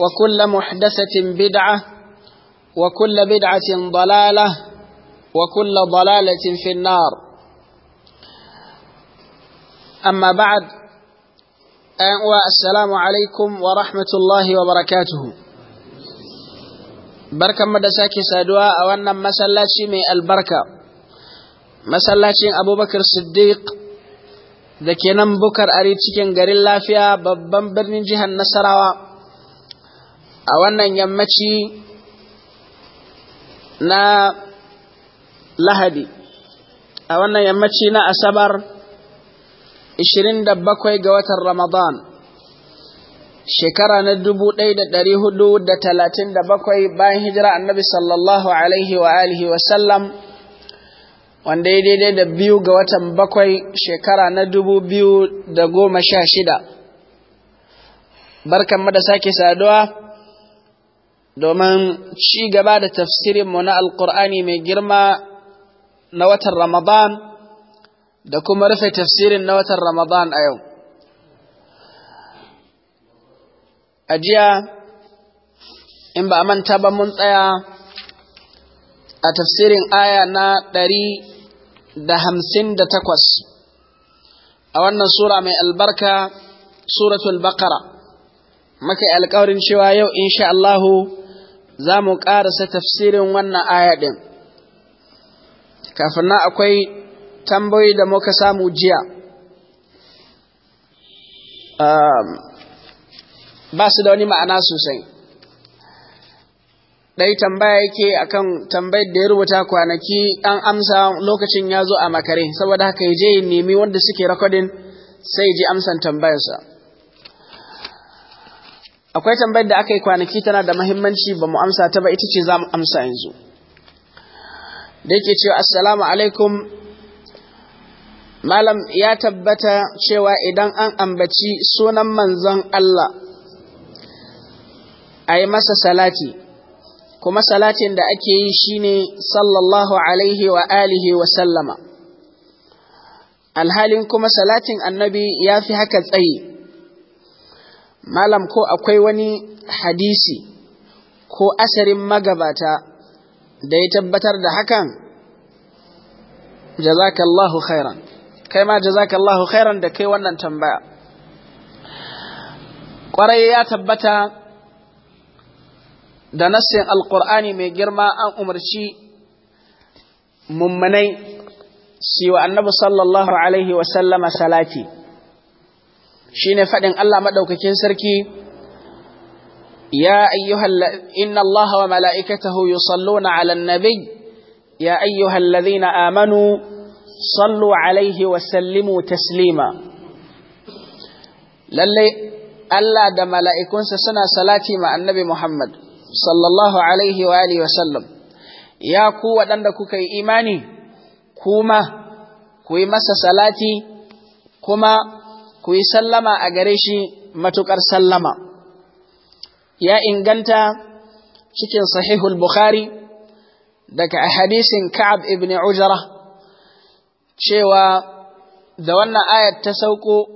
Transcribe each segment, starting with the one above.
وكل محدثة بدعة وكل بدعة ضلالة وكل ضلالة في النار أما بعد السلام عليكم ورحمة الله وبركاته barkan mu da sake saduwa a wannan masallaci mai albarka masallacin abubakar siddiq da kenan bukar ari cikin garin lafiya babban birnin jihar nasarawa a wannan yammaci na lahadi a wannan yammaci na asabar 27 ga watan ramadan shekara na 1437 bayan hijira annabi sallallahu alaihi wa alihi wanda ya daidai da biyu ga watan bakwai shekara na 2016 barkan da sake saduwa domin ci gaba da tafsirinmu na alkur'ani mai girma na watan ramadan da kuma rufe tafsirin na watan ramadan a yau a jiya in ba manta ba mun tsaya a tafsirin aya na ɗari da hamsin da takwas a wannan sura mai albarka suratul baqara maka alkawarin cewa yau insha Allahu za mu ƙarasa tafsirin wannan aya ɗin. Kafin na akwai tambayoyi da muka samu jiya. Ba su da wani ma'ana sosai. Ɗai tambaya yake kan tambayar da ya rubuta kwanaki ɗan amsa lokacin ya zo a makare, saboda haka ya je nemi wanda suke rakodin sai ji amsan tambayarsa. akwai tambayar da aka yi kwanaki tana da mahimmanci ba mu amsa ta ba ita ce za mu amsa yanzu da yake cewa assalamu alaikum malam ya tabbata cewa idan an ambaci sunan manzon Allah a masa salati kuma salatin da ake yi shine sallallahu alaihi wa alihi wa sallama alhalin kuma salatin annabi ya fi haka tsaye. malam ko akwai wani hadisi ko asarin magabata da ya tabbatar da hakan jazakallahu khairan kai ma jazakallahu khairan da kai wannan tambaya Ƙwarai ya tabbata da nassin Alƙur'ani mai girma an umarci Mummunai. siwa annabi sallallahu alaihi wasallama salati shine fadin Allah madaukakin sarki ya ayyuhal inna Allah wa mala'ikatahu yusalluna 'alan nabiy ya ayyuhal ladhina amanu sallu 'alaihi wa sallimu taslima Lallai Allah da mala'ikunsa suna salati ma annabi Muhammad sallallahu alaihi wa alihi wa sallam ya ku waɗanda kuka yi imani kuma ku yi masa salati kuma ku yi sallama a gare shi matuƙar sallama ya inganta cikin sahihul bukhari daga hadisin ka'ab ibn ujara cewa da wannan ayat ta sauko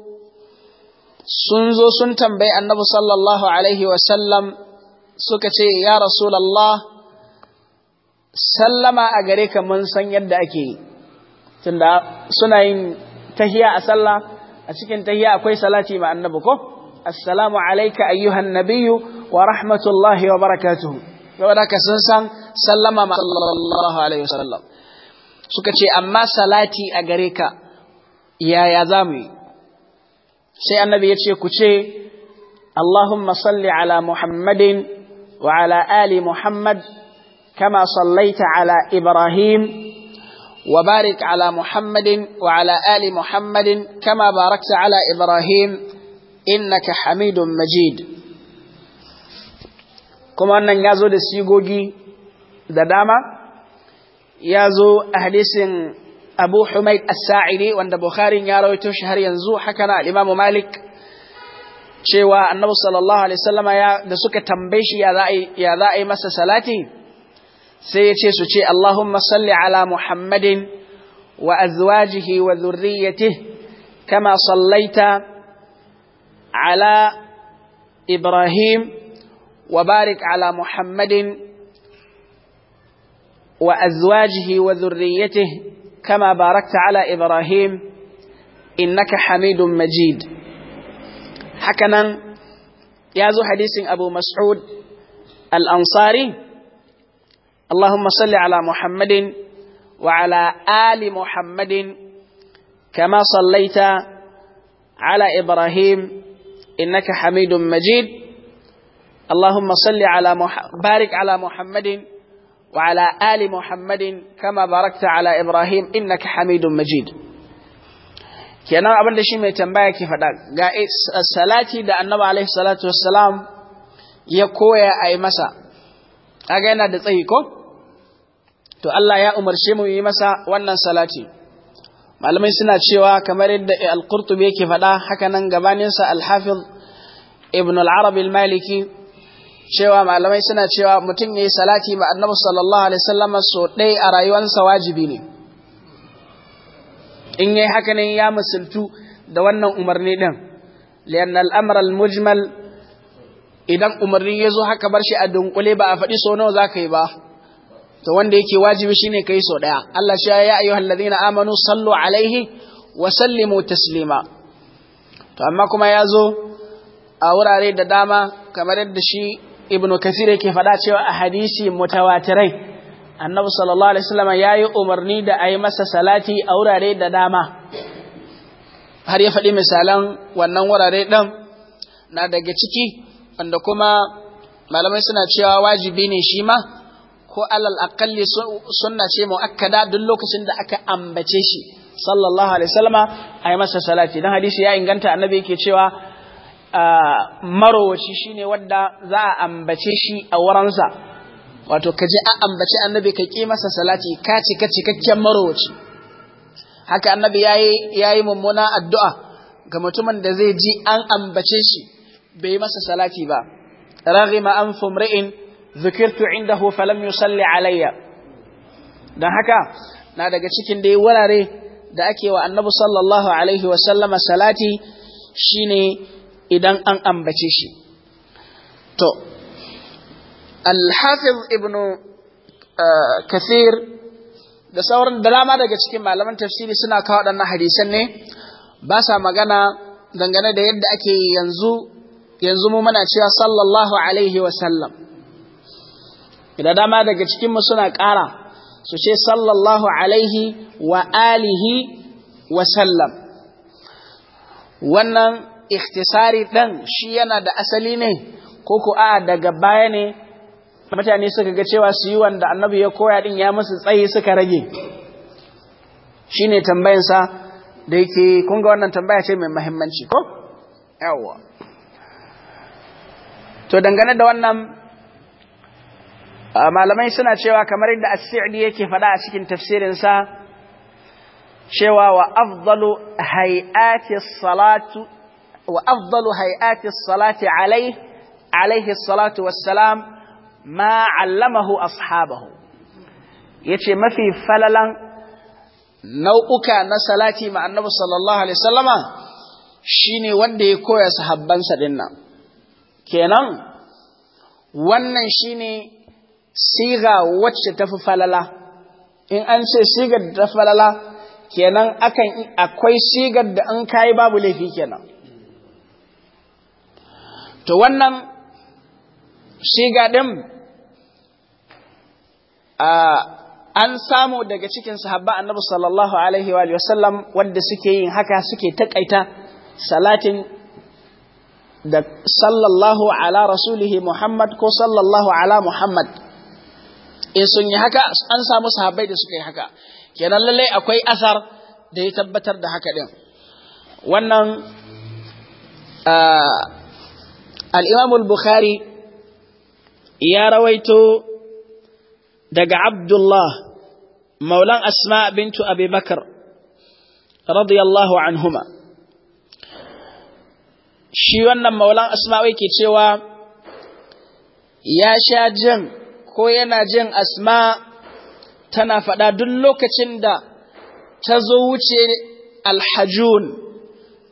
sun zo sun tambayi annabi sallallahu alaihi wasallam suka ce ya rasulallah sallama a gare ka mun san yadda ake yi tunda suna yin tahiya a sallah a cikin tahiyya akwai salati ma annabi ko assalamu alayka ayyuhan nabiyyu wa rahmatullahi wa barakatu. saboda ka sun san sallama ma sallallahu alaihi wasallam suka ce amma salati a gare ka yaya za mu yi sai annabi ya ce ku ce Allahumma salli ala Muhammadin wa ala ali Muhammad kama sallaita ala Ibrahim وبارك على محمد وعلى آل محمد كما باركت على إبراهيم إنك حميد مجيد كما أن يازو دي سيغوغي دداما يازو أهليس أبو حميد الساعدي وأن بخاري يارو شهر ينزو حكنا الإمام مالك cewa annabi sallallahu alaihi wasallama ya da suka tambaye shi ya za a yi masa salati sai ya ce su ce Allahumma salli ala Muhammadin wa azwajihi wa zurriyyatihi kama sallaita ala Ibrahim wa barik ala Muhammadin wa azwajihi wa zurriyyatihi kama barakta ala Ibrahim innaka Hamidun Majid hakanan ya zo hadisin Abu Mas'ud al-Ansari اللهم صل على محمد وعلى آل محمد كما صليت على إبراهيم إنك حميد مجيد اللهم صل على مح... بارك على محمد وعلى آل محمد كما باركت على إبراهيم إنك حميد مجيد kenan abin da shi mai tambaya ke faɗa ga salati da annabi alaihi salatu wassalam ya koya a yi masa kaga yana da tsayi ko to Allah ya umarce mu yi masa wannan salati malamai suna cewa kamar yadda al-qurtubi yake faɗa haka nan gabaninsa al-hafiz ibn al-arab al-maliki cewa malamai suna cewa mutum yayi salati ba annabi sallallahu alaihi wasallam so ɗaya a rayuwarsa wajibi ne in yayi haka ya musultu da wannan umarni din lian al-amr al-mujmal idan umarni yazo haka bar shi a dunkule ba a faɗi so nawa zaka yi ba to wanda yake wajibi shine kai so daya Allah shi ya ayyuhal ladina amanu sallu alaihi wa sallimu taslima to amma kuma ya zo a wurare da dama kamar yadda shi ibnu kathir yake faɗa cewa a hadisi mutawatirai annabi sallallahu alaihi wasallam yayi umarni da ayi masa salati a wurare da dama har ya faɗi misalan wannan wurare ɗin na daga ciki wanda kuma malamai suna cewa wajibi ne shi ma ko alal aqalli sunna ce muakkada duk lokacin da aka ambace shi sallallahu alaihi wasallama ayi masa salati dan hadisi ya inganta annabi yake cewa ah, marowaci shine wanda za a ambace shi a wuransa wato kaje a ambace annabi ka ki masa salati ka ci ka cikakken marowaci haka annabi yayi yayi mummuna addu'a ga mutumin da zai ji an ambace shi bai masa salati ba raghima an fumri'in zukirtu indahu falam yusalli alayya dan haka na daga cikin dai wurare da ake wa annabi sallallahu alaihi wa sallama salati shine idan an ambace shi to al-hafiz ibn uh, kathir da sauran dalama dama daga cikin malaman tafsiri suna kawo waɗannan hadisan ne ba sa magana dangane da yadda ake yanzu yanzu mu muna cewa sallallahu alaihi wa sallam da dama daga cikinmu suna ƙara su ce sallallahu alaihi wa alihi wa sallam wannan ikhtisari ɗan shi yana da asali ne ko ku daga baya ne mutane suka ga cewa su yi wanda annabi ya koya din ya musu tsayi suka rage shi ne tambayinsa. da yake kunga wannan tambaya ce mai mahimmanci ko? yawwa to dangane da wannan Ah, malamai suna cewa kamar yadda as-sa'di yake faɗa a cikin tafsirinsa cewa wa afdalu hay'ati salatu wa afdalu hay'ati salati alayhi alayhi salatu was-salam ma 'allamahu ashabahu yace mafi falalan nau'uka na salati ma annabi sallallahu alaihi wasallama shine wanda ya koya sahabbansa dinnan kenan wannan shine siga wacce tafi falala in an ce sigar da falala kenan akan akwai sigar da an kayi babu laifi kenan to wannan siga din an samu daga cikin sahabba annabi sallallahu alaihi wa sallam wanda suke yin haka suke takaita salatin da sallallahu ala rasulihi muhammad ko sallallahu ala muhammad in sun yi haka an samu sahabbai da suka yi haka kenan lallai akwai asar da ya tabbatar da haka din wannan al-Imam al-Bukhari ya rawaito daga Abdullah maulan Asma bintu Abi Bakar radiyallahu anhuma shi wannan maulan Asma wai yake cewa ya sha jin ko yana jin asma tana faɗa duk lokacin da ta zo wuce alhajun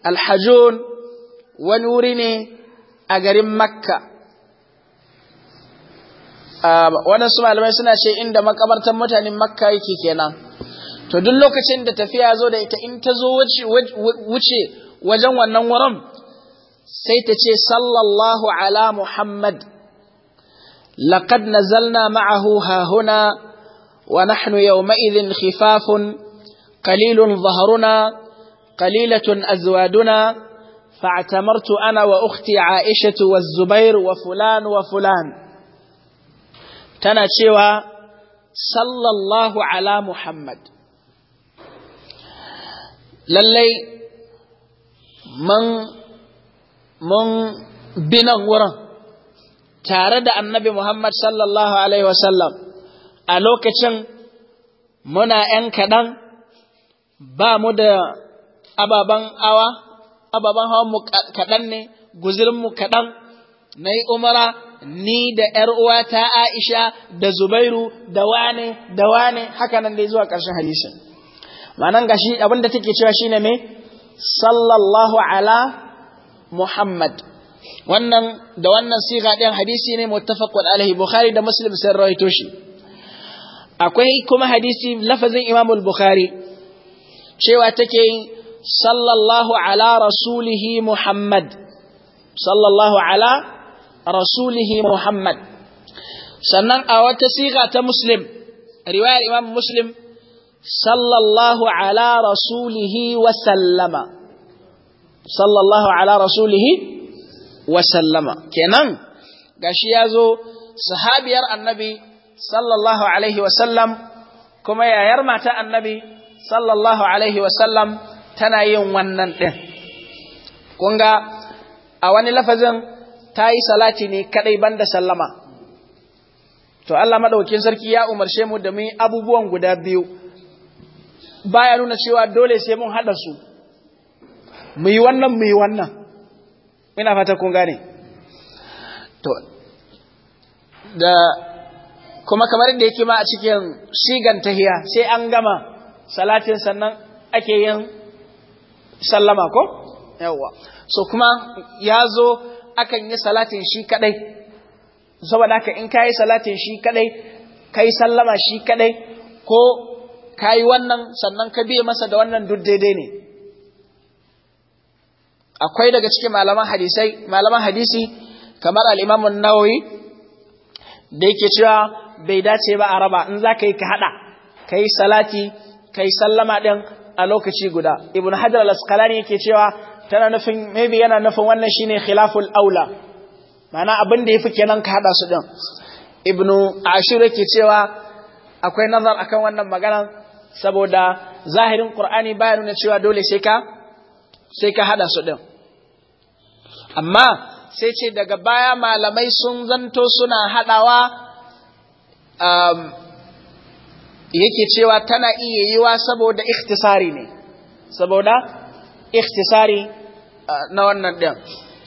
alhajun wani wuri ne a garin makka waɗansu malamai suna ce inda makabartar mutanen makka yake kenan to duk lokacin da tafiya zo da ita in ta zo wuce wajen wannan wurin sai ta ce sallallahu ala muhammad لقد نزلنا معه ها هنا ونحن يومئذ خفاف قليل ظهرنا قليلة أزوادنا فاعتمرت أنا وأختي عائشة والزبير وفلان وفلان تنشوى صلى الله على محمد للي من من بنا tare da annabi Muhammad sallallahu Alaihi wasallam a lokacin muna ‘yan kaɗan ba mu da ababen awa, ababen hawan mu kaɗan ne, guzirinmu kaɗan, na yi umara ni da ‘yar uwata Aisha da Zubairu da wane da wane haka nan dai zuwa ƙarshen hadisin. ga gashi abin da take cewa shine me? Sallallahu ala Muhammad. wannan da wannan siga ɗin hadisi ne muttafaqun alaihi bukhari da muslim sun rawaito shi akwai kuma hadisi lafazin imam bukhari cewa take sallallahu ala rasulihi muhammad sallallahu ala rasulihi muhammad sannan a wata siga ta muslim riwayar imam muslim sallallahu ala rasulihi wa sallama sallallahu ala rasulihi wa sallama kenan gashi ya zo sahabiyar annabi sallallahu alaihi wa sallam kuma yayar mata annabi sallallahu alaihi wa sallam tana yin wannan din kun a wani lafazin ta yi salati ne kadai banda sallama to Allah madaukakin sarki ya umarce mu da mu abubuwan guda biyu baya nuna cewa dole sai mun hada su mu yi wannan mu yi wannan ina fata kun gane to da kuma kamar da yake ma a cikin sigan tahiya sai an gama salatin sannan ake yin sallama ko yawwa so kuma ya zo akan yi salatin shi kadai saboda haka in kayi yi salatin shi kadai ka yi sallama shi kadai ko ka yi wannan sannan ka biya masa da wannan duk daidai ne akwai daga cikin malaman hadisai malaman hadisi kamar al-Imam an-Nawawi da yake cewa bai dace ba a raba in za ka yi ka hada kai salati kai sallama din a lokaci guda Ibn Hajar al-Asqalani yake cewa tana nufin maybe yana nufin wannan shine khilaful aula ma'ana abin da yafi kenan ka hada su din Ibn ashir yake cewa akwai nazar akan wannan magana saboda zahirin Qur'ani baya nuna cewa dole sai ka sai ka hada su din amma sai ce daga baya malamai sun zanto suna haɗawa um, yake cewa tana iya yiwa saboda ikhtisari ne saboda ikhtisari uh, na wannan ɗin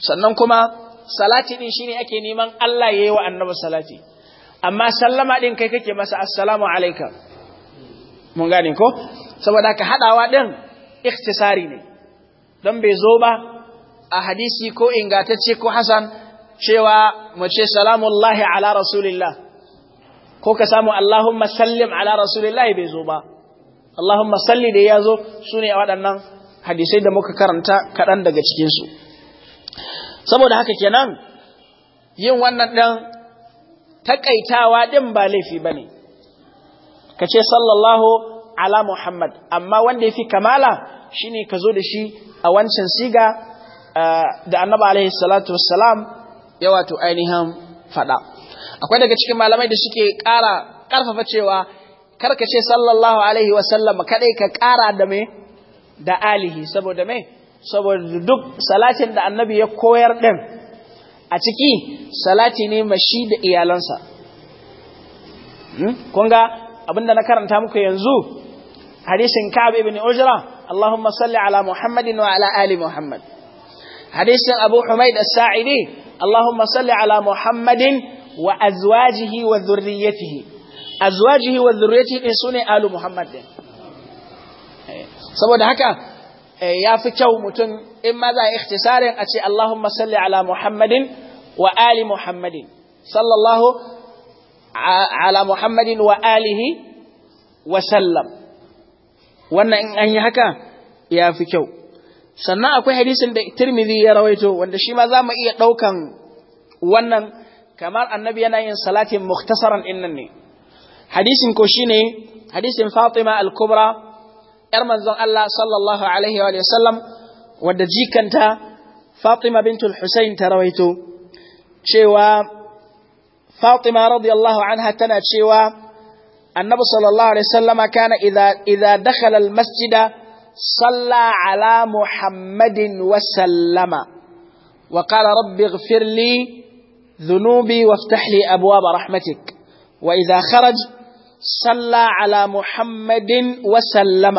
sannan kuma salati ɗin shine ake neman Allah ya yi wa annabi salati amma sallama ɗin kai kake masa assalamu alaika mun gane ko saboda ka haɗawa ɗin ikhtisari ne don bai zo ba a hadisi ko ingatacce ko hasan cewa mace salamullahi ala rasulillah ko ka samu Allahumma sallim ala rasulillah bai zo ba Allahumma salli da ya zo su ne a waɗannan hadisai da muka karanta kaɗan daga cikinsu saboda haka kenan yin wannan ɗan taƙaitawa ɗin ba laifi ba ne ka ce sallallahu ala Muhammad amma wanda ya fi kamala shine ka zo da shi a wancan siga Eh, da annaba alaihi salatu wassalam ya wato ainihin fada. akwai daga cikin malamai da suke kara karfafa cewa karka ce sallallahu alaihi wasallam kaɗai ka kara da me da alihi saboda me saboda duk salatin da annabi ya koyar ɗin a ciki salati ne mashi da iyalansa hmm? kun ga abinda na karanta muku yanzu hadisin ka'ab ibn ujra Allahumma salli ala Muhammadin wa ala ali Muhammad hadisin Abu humai da saidi Allahumma salli ala Muhammadin wa azwajihi wa dhurriyyatihi azwajihi wa dhurriyyatihi din sune alu muhammadin. saboda haka eh, ya fi kyau mutum in ma za a ikhtisarin a ce Allahumma salli ala Muhammadin wa ali Muhammadin sallallahu ala Muhammadin wa alihi wa sallam wannan in an yi haka ya fi kyau sannan akwai hadisin da tirmidhi ya rawaito wanda shi ma za mu iya ɗaukan wannan kamar annabi yana yin salatin muktasaran innan ne hadisin ko shine hadisin fatima al-kubra yar manzon Allah sallallahu alaihi wa sallam wadda jikanta fatima bintul husain ta rawaito cewa fatima radiyallahu anha tana cewa annabi sallallahu alaihi wasallama kana idza idza dakhala al-masjida صلى على محمد وسلم وقال رب اغفر لي ذنوبي وافتح لي أبواب رحمتك وإذا خرج صلى على محمد وسلم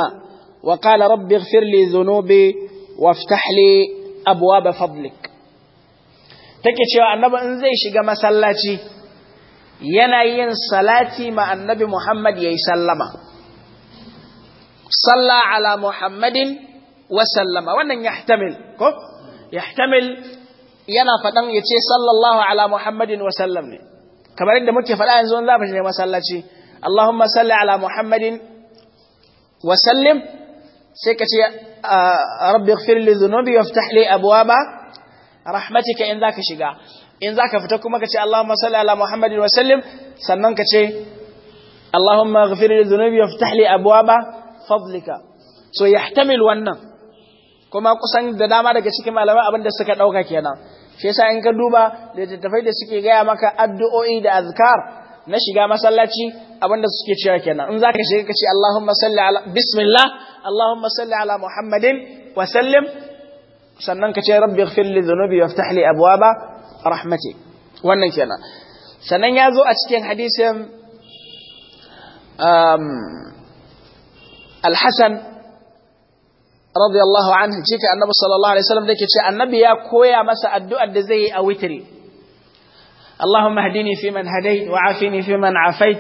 وقال رب اغفر لي ذنوبي وافتح لي أبواب فضلك تكي cewa النبي انزي zai ما masallaci yana yin salati ma annabi Muhammad yayi sallama salla ala muhammadin wa wannan yahtamil ko yahtamil yana faɗan ya ce sallallahu ala muhammadin wa sallam ne kamar muke faɗa yanzu wani zafi ne masallaci Allahumma salli ala muhammadin wa sai ka ce rabbi ighfir li dhunubi rahmatika in zaka shiga in fita kuma ka ce Allahumma salli ala muhammadin wa sallim sannan ka ce Allahumma ighfir li dhunubi waftah li abwaba fadlika so yahtamil wannan kuma kusan da dama daga cikin malamai abinda suka dauka kenan shi yasa in ka duba littattafai da suke gaya maka addu'o'i da azkar na shiga masallaci abinda da suke cewa kenan in zaka shiga ka ce Allahumma salli ala bismillah Allahumma salli ala Muhammadin wa sallim sannan ka ce rabbi ighfir li dhunubi waftah li abwaba rahmati wannan kenan sannan ya zo a cikin hadisin um, alhassan radiyallahu anhu jika annabi sallallahu alaihi wasallam da yake ce annabi ya koya masa addu'ar da zai yi a witiri. Allahumma hadini fi man hadai, wa afini fi man afait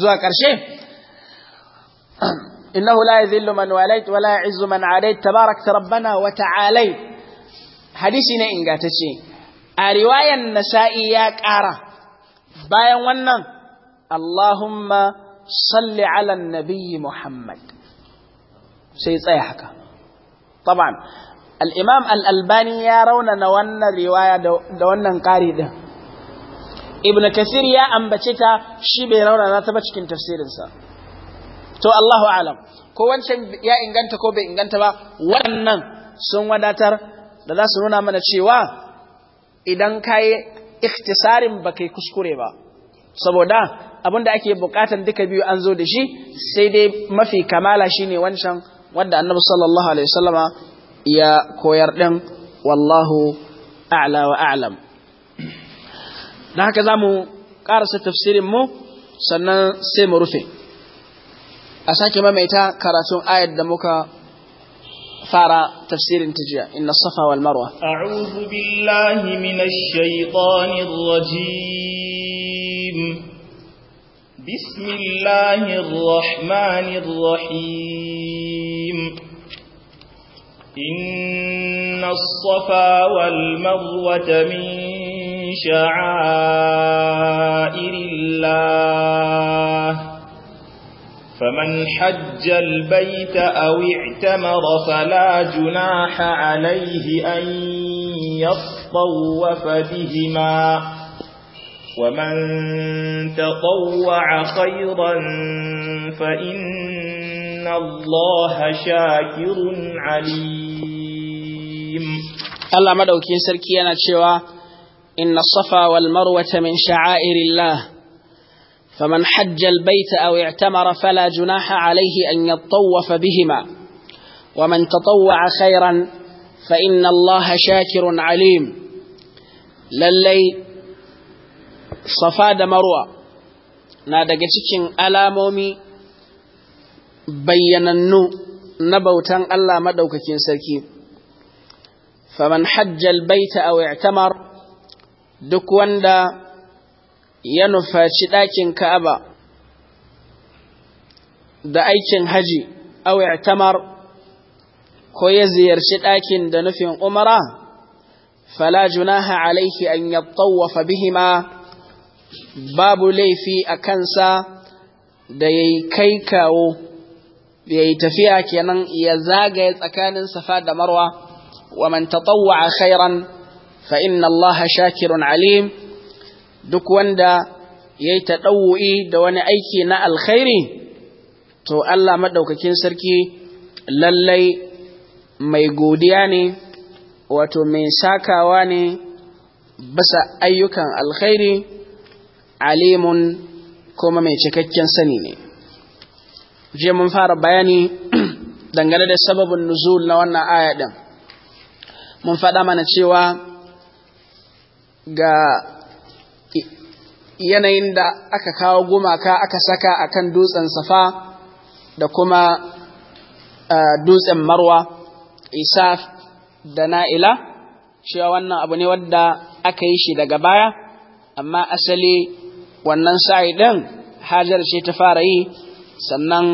zuwa karshe innahu la yadhillu man walait wa la yu'izzu man adait tabarakta rabbana wa ta'alai hadisi ne ingantacce a riwayan nasa'i ya ƙara bayan wannan Allahumma salli ala nabiyyi Muhammad sai tsaya haka taban al-imam al-albani ya raunana wannan riwaya da wannan ƙari ɗin ibn kasir ya ambace ta shi bai raunana ta ba cikin tafsirinsa to Allahu alam ko wancan ya inganta ko bai inganta ba wannan sun wadatar da za su nuna mana cewa idan kayi ikhtisarin ba kai kuskure ba saboda abinda ake bukatan duka biyu an zo da shi sai dai mafi kamala shine wancan wanda annabi sallallahu alaihi wasallama ya koyar din wallahu a'la wa a'lam dan haka zamu karasa tafsirin mu sannan sai mu rufe a sake mamaita karatun ayat da muka فارا تفسير jiya? إن الصفا والمروة أعوذ بالله من الشيطان الرجيم بسم الله الرحمن الرحيم إن الصفا والمروة من شعائر الله فمن حج البيت أو اعتمر فلا جناح عليه أن يطوف بهما ومن تطوع خيرا فإن الله شاكر عليم الله مدعو مدوكين سركينا تشوى إن الصفا والمروة من شعائر الله فمن حج البيت أو اعتمر فلا جناح عليه أن يطوف بهما ومن تطوع خيرا فإن الله شاكر عليم للي safa da marwa na daga cikin alamomi bayyanannu na bautan Allah maɗaukakin sarki faman hajjal baita a i'tamar duk wanda ya nufaci ɗakin ka'aba da aikin haji aw i'tamar ko ya ziyarci ɗakin da nufin umara fala junaha alaihi an yattawafa bihima babu laifi a kansa da ya kai kawo ya yi tafiya kenan ya zagaye tsakanin safa da marwa wa man tatawwa khairan fa inna allaha shakirun alim duk wanda ya yi taɗawu'i da wani aiki na alkhairi to Allah maɗaukakin sarki lallai mai godiya ne wato mai sakawa ne bisa ayyukan alkhairi alimun kuma mai cikakken sani ne je mun fara bayani dangane da sababin nuzul na wannan aya din mun faɗa mana cewa ga yanayin da aka kawo gumaka aka saka a kan dutsen safa da kuma dutsen marwa isaf da na'ila cewa wannan abu ne wadda aka yi shi daga baya amma asali wannan sa'i ɗin hajar ce ta fara yi sannan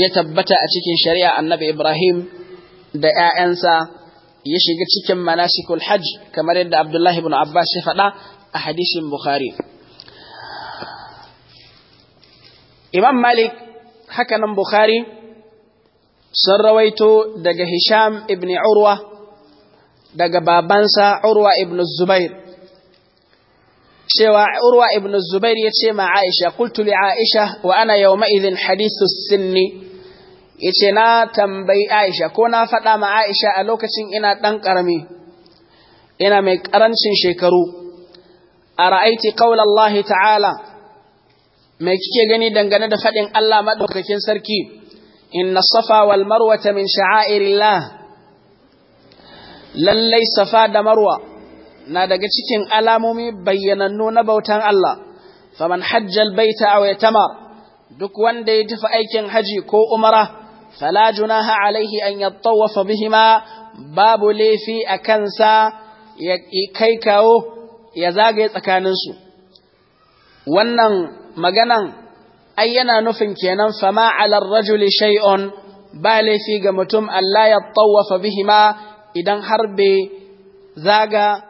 ya tabbata a cikin shari'a annabi ibrahim da ‘ya'yansa ya shiga cikin manasikul hajj kamar yadda abdullahi ibn abbas ya faɗa a hadisin bukhari imam malik hakanan bukhari sun rawaito daga hisham ibn urwa daga babansa urwa ibn zubair cewa urwa ibn zubair ya ce ma aisha kultu li aisha wa ana yawma idhin hadithu sinni yace na tambayi aisha ko na faɗa ma aisha a lokacin ina ɗan ƙarami ina mai ƙarancin shekaru a ra'aiti qaulallahi ta'ala mai kike gani dangane da faɗin Allah maɗaukakin sarki inna safa wal marwata min sha'airillah lallai safa da marwa na daga cikin alamomi bayyanannu na bautan Allah faman hajjal baita aw yatamar duk wanda ya tafi aikin haji ko umara fala junaha alaihi an yattawafa bihima babu laifi a kansa ya kai kawo ya zagaye tsakaninsu wannan maganan ai yana nufin kenan fama alar rajuli shay'un ba laifi ga mutum Allah ya tawafa bihima idan har bai zaga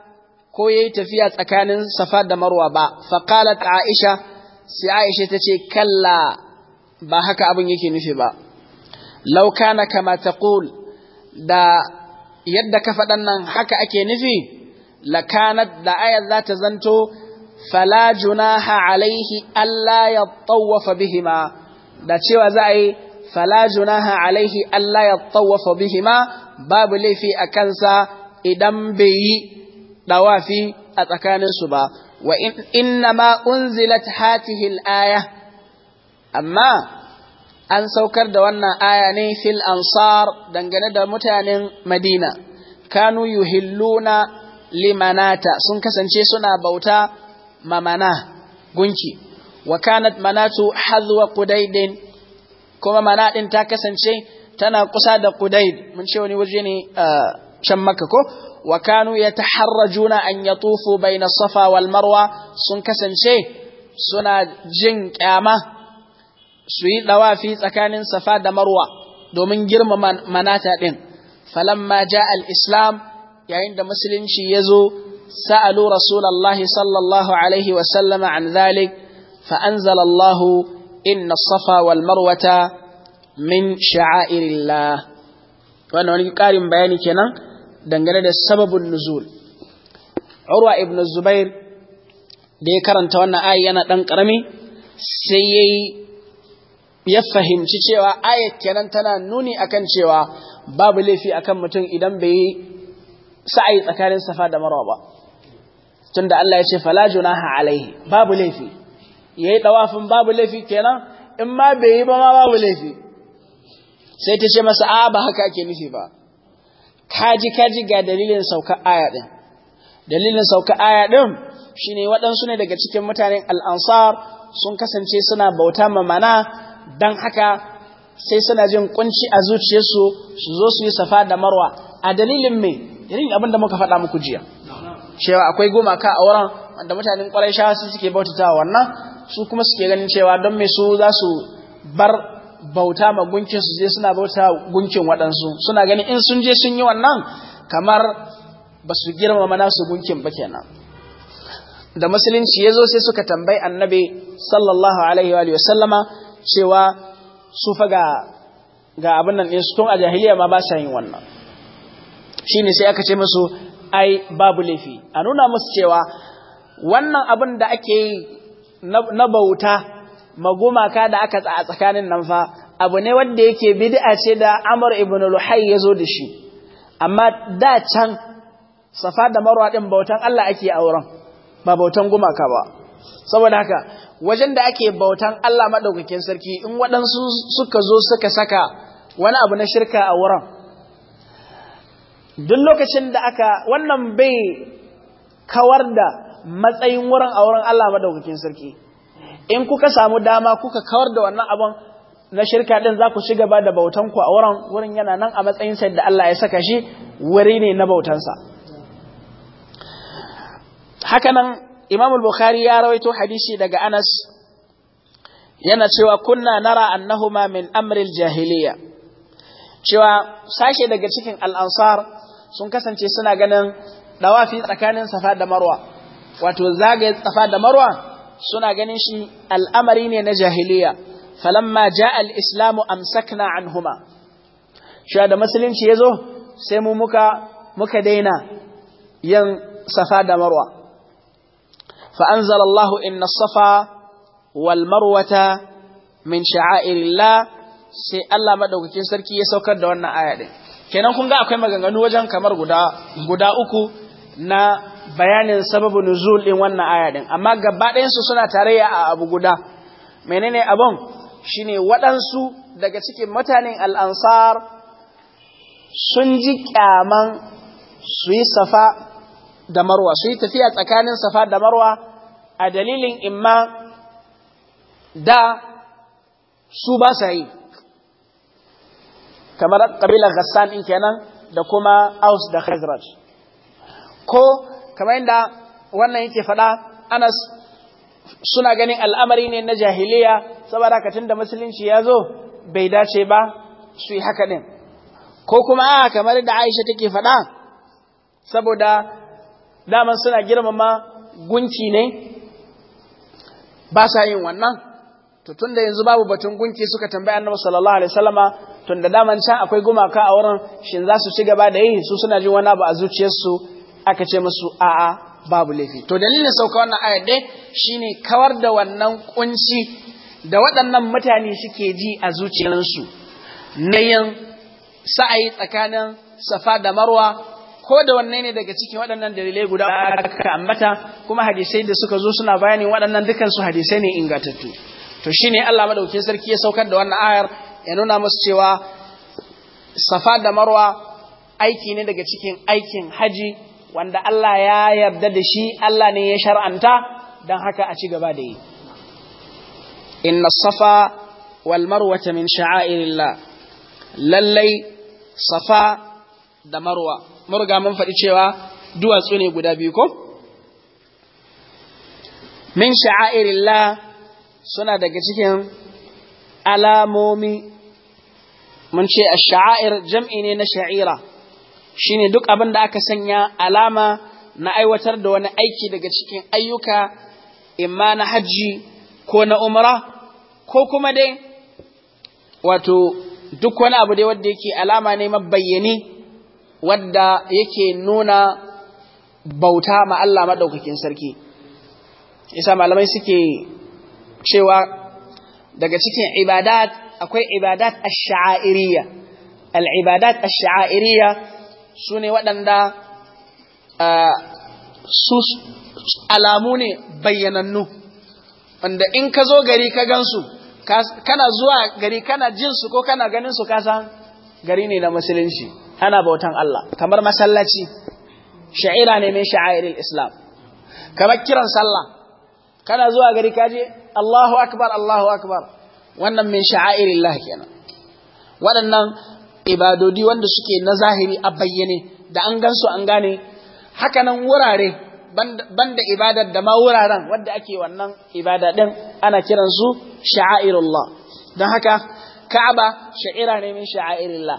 ko ya yi tafiya tsakanin Safa da Marwa ba fa Aisha sai Aisha ta ce kalla ba haka abin yake nufi ba lauka kana kama da yadda ka faɗan nan haka ake nufi lakanat da ayat za ta zanto fala junaha alaihi ya yattawafa bihima da cewa za a yi fala junaha alaihi alla yattawafa bihima babu laifi a kansa idan bai yi ɗawafi a tsakaninsu ba wa inna ma unzilat hatihi al-aya amma an saukar da wannan aya ne fil ansar dangane da mutanen Madina kanu yuhilluna limanata sun kasance suna bauta mamana gunki wa kanat manatu hazwa qudaydin kuma mana ɗin ta kasance tana kusa da kudaid mun ce wani waje ne ah, can makka ko wa kanu yataharrajuna an yatufu bai safa wal marwa sun kasance suna jin kyama su yi dawafi tsakanin safa da marwa domin girmama manata ɗin, falamma jaa al islam yayin da musulunci ya zo sa'alu rasulullahi sallallahu alaihi wa sallama an dhalik fa anzala allah inna safa marwata min sha'airillah wannan wani ƙarin bayani kenan dangane da sababin nuzul urwa ibn zubair da ya karanta wannan ayi yana dan karami sai yayi ya fahimci cewa ayat kenan tana nuni akan cewa babu laifi akan mutum idan bai yi sa'ayi tsakanin safa da marwa ba tunda Allah ya ce fala junaha alaihi babu laifi yayi ɗawafin babu laifi kenan in ma bai yi ba ma babu laifi sai ta ce masa a ba haka ake nufi ba kaji kaji ga dalilin sauka aya din dalilin sauka aya din shine waɗansu ne daga cikin mutanen al'ansar sun kasance suna bauta ma mana dan haka sai suna jin kunci a zuciyarsu su zo su yi safa da marwa a dalilin me dalilin abin da muka faɗa muku jiya cewa akwai gumaka a wurin wanda mutanen ƙwarai shawa su suke bautata wannan su kuma suke ganin cewa don mai su za su bar bauta ma gunkin su je suna bauta gunkin waɗansu suna ganin in sun je sun yi wannan kamar ba su girmama nasu gunkin ba kenan da musulunci ya zo sai suka tambayi annabi sallallahu alaihi wa sallama cewa su fa ga abin nan su tun a jahiliya ma ba sa yin wannan shi sai aka ce musu ai babu laifi a nuna musu cewa wannan abin da ake yi na bauta magumaka da aka tsaya tsakanin nan fa abu ne wanda yake bid'a ce da Amr ibn Luhay ya da shi amma da can Safa da Marwa din bautan Allah ake auren ba bautan gumaka ba saboda haka wajen da ake bautan Allah madaukakin sarki in waɗansu suka zo suka saka wani abu na shirka a wurin duk lokacin da aka wannan bai kawar da matsayin wurin a wurin Allah madaukakin sarki in kuka samu dama kuka kawar da wannan abun na shirka din za ku ci gaba da bautan ku a wurin wurin yana nan a matsayin sa da Allah ya saka shi wuri ne na bautansa haka nan Imam al-Bukhari ya rawaito hadisi daga Anas yana cewa kunna nara annahuma min amril jahiliya cewa sashe daga cikin al-ansar sun kasance suna ganin dawafi tsakanin safa da marwa wato zagaye safa da marwa suna ganin shi al'amari ne na jahiliya falamma ja al'islamu amsakna anhuma shi da musulunci ya zo sai mu muka muka daina yin safa da marwa fa'anzar Allah inna safa wal marwata min sha'airillah sai Allah maɗaukakin sarki ya saukar da wannan aya ɗin kenan kun ga akwai maganganu wajen kamar guda uku na bayanin sababu nuzul din wannan aya din amma gaba su suna tarayya a abu guda menene abun shine waɗansu daga cikin mutanen al'ansar sun ji kyaman su yi safa da marwa su yi tafiya tsakanin safa da marwa a dalilin imma da su ba sa yi kamar ƙabilar Ghassan in kenan da kuma Aus da Khazraj ko kamar yadda wannan yake faɗa anas suna ganin al'amari ne na jahiliya saboda katin da musulunci ya zo bai dace ba su yi haka ɗin ko kuma a kamar da aisha take faɗa saboda daman suna girmama gunki ne ba sa yin wannan to tunda yanzu babu batun gunki suka tambaya annabi sallallahu alaihi wasallama tunda daman can akwai gumaka a wurin shin za su ci gaba da yi su suna jin wani abu a zuciyarsu aka ce masu a'a babu laifi to dalilin sauka wannan ayar dai shine kawar da wannan kunci da waɗannan mutane suke ji a zuciyarsu na yin sa'ayi tsakanin safa da marwa ko da wanne ne daga cikin waɗannan dalilai guda aka ambata kuma hadisai da suka zo suna bayanin waɗannan dukkan su hadisai ne ingantattu to shi ne Allah madaukakin sarki ya saukar da wannan ayar ya nuna musu cewa safa da marwa aiki ne daga cikin aikin haji wanda Allah ya yarda da shi Allah ne ya shar'anta don haka a ci gaba da yi inna safa wal marwata min sha'airillah lallai safa da marwa murga mun faɗi cewa duwatsu ne guda biyu ko min sha'airillah suna daga cikin alamomi mun ce a sha'air jam'i ne na sha'ira shine duk abin da aka sanya alama na aiwatar da wani aiki daga cikin ayyuka imma na hajji ko na umra ko kuma dai wato duk wani abu dai wanda yake alama ne mabayyani wadda yake nuna bauta ma Allah madaukakin sarki isa malamai suke cewa daga cikin ibadat akwai ibadat ash-sha'iriyya al-ibadat ash-sha'iriyya su ne waɗanda su alamu ne bayyanannu wanda in ka zo gari ka gansu kana zuwa gari kana jinsu ko kana ganin ganinsu san gari ne na musulunci ana bautan Allah kamar masallaci sha'ira ne mai sha'airil islam kamar kiran sallah kana zuwa gari ka je Allahu akbar Allahu akbar wannan min sha'airillah kenan waɗannan ibadodi wanda suke na zahiri a bayyane da an gansu an gane hakanan wurare banda ibadar da ma wuraren wadda ake wannan ibada din ana kiransu sha'airullah don haka ka'aba sha'ira ne min sha'airillah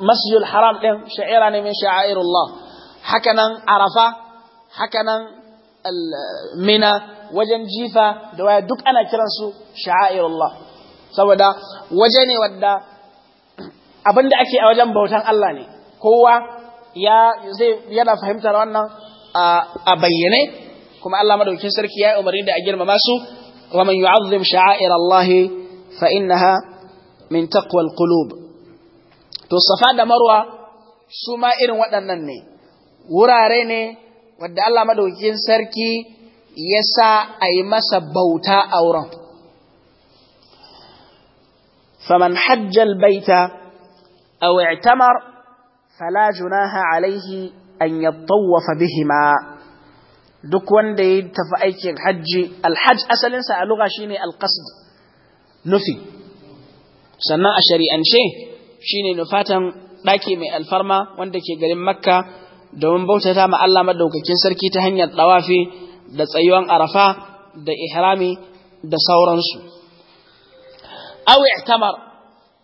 masjidul haram din sha'ira ne min sha'airullah hakanan arafa hakanan mina wajen jifa da waya duk ana kiransu sha'airullah saboda waje ne wadda abin da ake a wajen bautan Allah ne kowa ya zai yana fahimtar wannan a bayyane kuma Allah madaukakin sarki ya yi umarni da a girmama su wa man yu'azzim sha'air Allah fa innaha min taqwal qulub to safa da marwa su ma irin waɗannan ne wurare ne wadda Allah madaukakin sarki ya sa a yi masa bauta a wurin faman hajjal baita أو اعتمر فلا جناها عليه أن يطوف بهما duk wanda ya tafi aikin hajji alhaj asalinsa a lugha shine alqasd nufi sannan a shari'ance shine nufatan ɗaki mai alfarma wanda ke garin makka domin bautata ma Allah madaukakin sarki ta hanyar dawafi da tsayuwan arafa da ihrami da sauransu aw i'tamar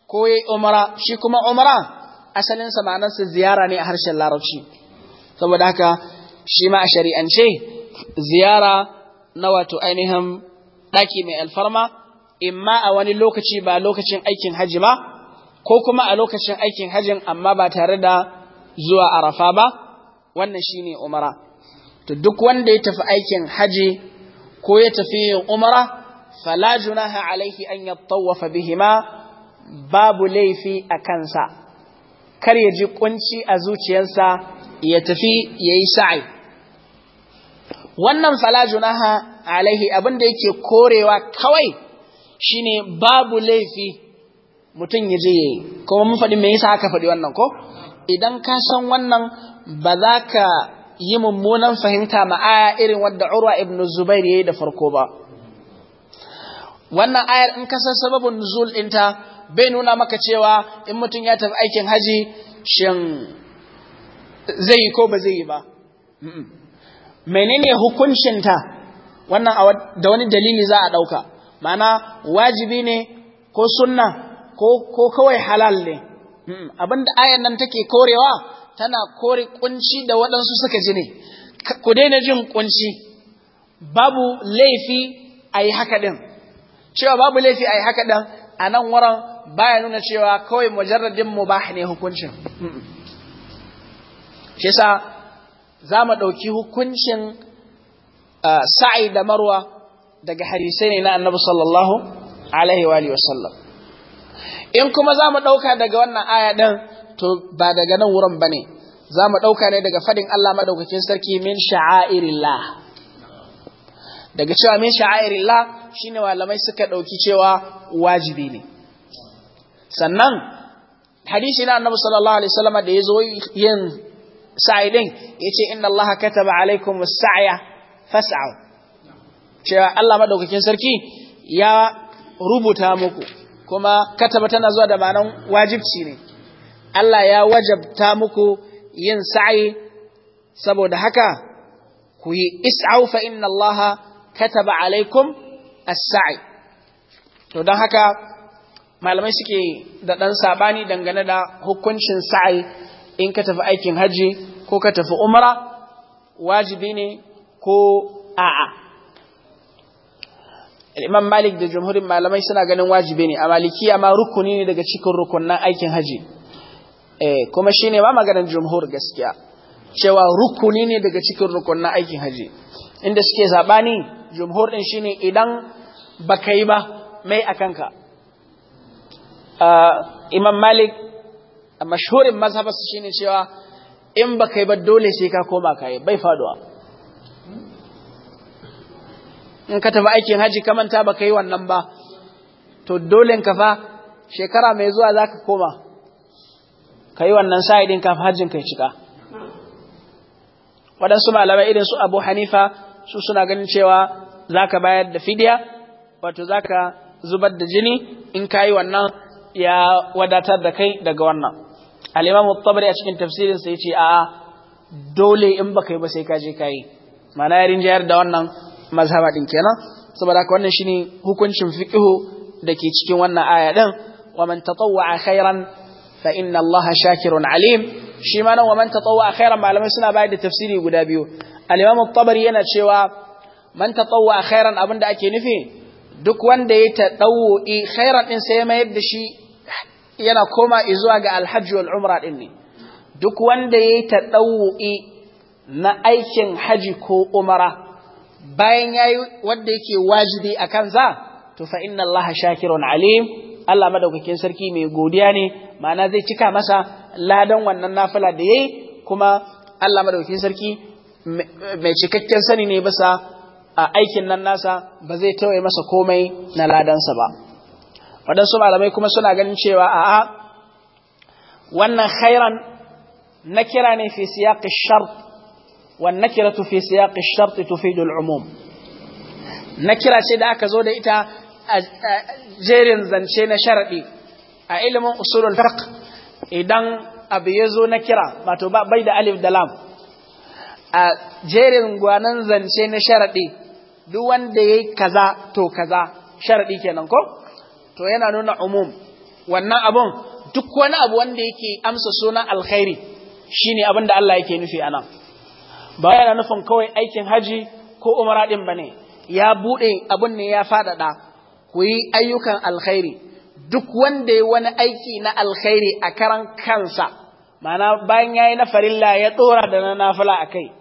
ko yayi umara shi kuma umara asalinsa ma'anarsa ziyara ne a harshen larabci saboda haka shi ma a shari'ance ziyara na wato ainihin ɗaki mai alfarma imma a wani lokaci ba lokacin aikin haji ba ko kuma a lokacin aikin hajin amma ba tare da zuwa arafa ba wannan shi ne umara to duk wanda ya tafi aikin haji ko ya tafi yin umara fala junaha alaihi an yattawafa bihima babu laifi a kansa kar ya ji kunci a zuciyarsa ya tafi ya yi sha'i wannan falajunaha alaihi abinda yake korewa kawai shine babu laifi mutum ya je yayi kuma mun faɗi me yasa aka faɗi wannan ko idan ka san wannan ba za ka yi mummunan fahimta ma aya irin wadda Urwa ibn Zubair yayi da farko ba wannan ayar in ka san sababin nuzul ɗinta bai nuna maka cewa in mutum ya tafi aikin haji shin zai yi ko ba zai yi ba menene hukuncinta wannan da wani dalili za a ɗauka ma'ana wajibi ne ko sunna ko kawai halal ne abinda ayan nan take korewa tana kore kunci da waɗansu suka ji ne, ku daina jin kunci, babu laifi a yi haka ɗin, cewa babu laifi a yi haka ɗin a nan wurin baya nuna cewa kawai mujarradin mubah ne hukuncin shi yasa za mu ɗauki hukuncin sa'i da marwa daga harisai ne na annabi sallallahu alaihi wa alihi in kuma za mu ɗauka daga wannan aya ɗin to ba daga nan wurin ba ne za mu ɗauka ne daga faɗin Allah maɗaukakin sarki min sha'airillah daga cewa min sha'airillah shine walamai suka ɗauki cewa wajibi ne sannan hadisi na annabi sallallahu alaihi wasallam da yazo yin sa'i din yace inna allaha kataba alaikum as-sa'ya fas'u cewa Allah madaukakin sarki ya rubuta muku kuma kataba tana zuwa da ma'anan wajibci ne Allah ya wajabta muku yin sa'i saboda haka ku yi is'au fa inna allaha kataba alaikum as-sa'i to don haka malamai suke da ɗan saɓani dangane da hukuncin sa'ai in ka tafi aikin hajji ko ka tafi umra wajibi ne ko a'a imam malik da jamhurin malamai suna ganin wajibi ne a maliki amma rukuni ne daga cikin rukunan aikin hajji eh, kuma shi ne ma maganin jamhur gaskiya cewa rukuni ne daga cikin rukunan aikin hajji inda suke saɓani jamhur ɗin shi ne idan ba ka yi ba mai a kanka Imam Malik a mashhurin mazhabarsa shine cewa in ba kai ba dole sai ka koma yi, bai faduwa in ka tafi aikin haji ka manta ba yi wannan ba to dole ka fa shekara mai zuwa za ka koma ka yi wannan sa'idin ka hajjin kai cika waɗansu malamai irin su abu hanifa su suna ganin cewa za ka bayar da fidiya, wato za ka zubar da jini in ka yi wannan ya wadatar da kai daga wannan al tabari a cikin tafsirin sa ce a'a dole in baka yi ba sai ka je ka ma'ana ya rinjayar da wannan mazhaba ɗin kenan saboda haka wannan shine hukuncin fiqhu da ke cikin wannan aya din wa man tatawwa khairan fa inna allaha shakirun alim shi ma nan wa man tatawwa khairan malamai suna bayar da tafsiri guda biyu al tabari yana cewa man tatawwa khairan da ake nufi duk wanda ya ta i khairan ɗin sai mayar da shi yana koma izuwa ga alhaji wal umra ɗin ne duk wanda ya ta i na aikin haji ko umara bayan ya yi wanda yake wajibi a za, to fa inna allaha shakirun alim Allah madaukakin sarki mai godiya ne ma'ana zai cika masa ladan wannan nafila da yayi kuma Allah madaukakin sarki mai cikakken sani ne bisa a aikin nan nasa ba zai tawaye masa komai na ladansa ba waɗansu malamai kuma suna ganin cewa a wannan khairan na kira ne fi siyaqi shart wa nakiratu fi siyaqi shart tufidu al-umum nakira ce da aka zo da ita a jerin zance na sharadi a ilimin usulul fiqh idan abu ya zo na kira wato bai da alif da lam a jerin gwanan zance na sharaɗi duk wanda yayi kaza to kaza sharadi kenan ko to yana nuna umum wannan abun duk wani abu wanda yake amsa sunan alkhairi shine abin da Allah yake nufi anan ba yana nufin kawai aikin haji ko umara din bane ya bude abun ne ya faɗaɗa. ku yi ayyukan alkhairi duk wanda ya wani aiki na alkhairi a karan kansa ma'ana bayan yayi na farilla ya dora da na nafila kai,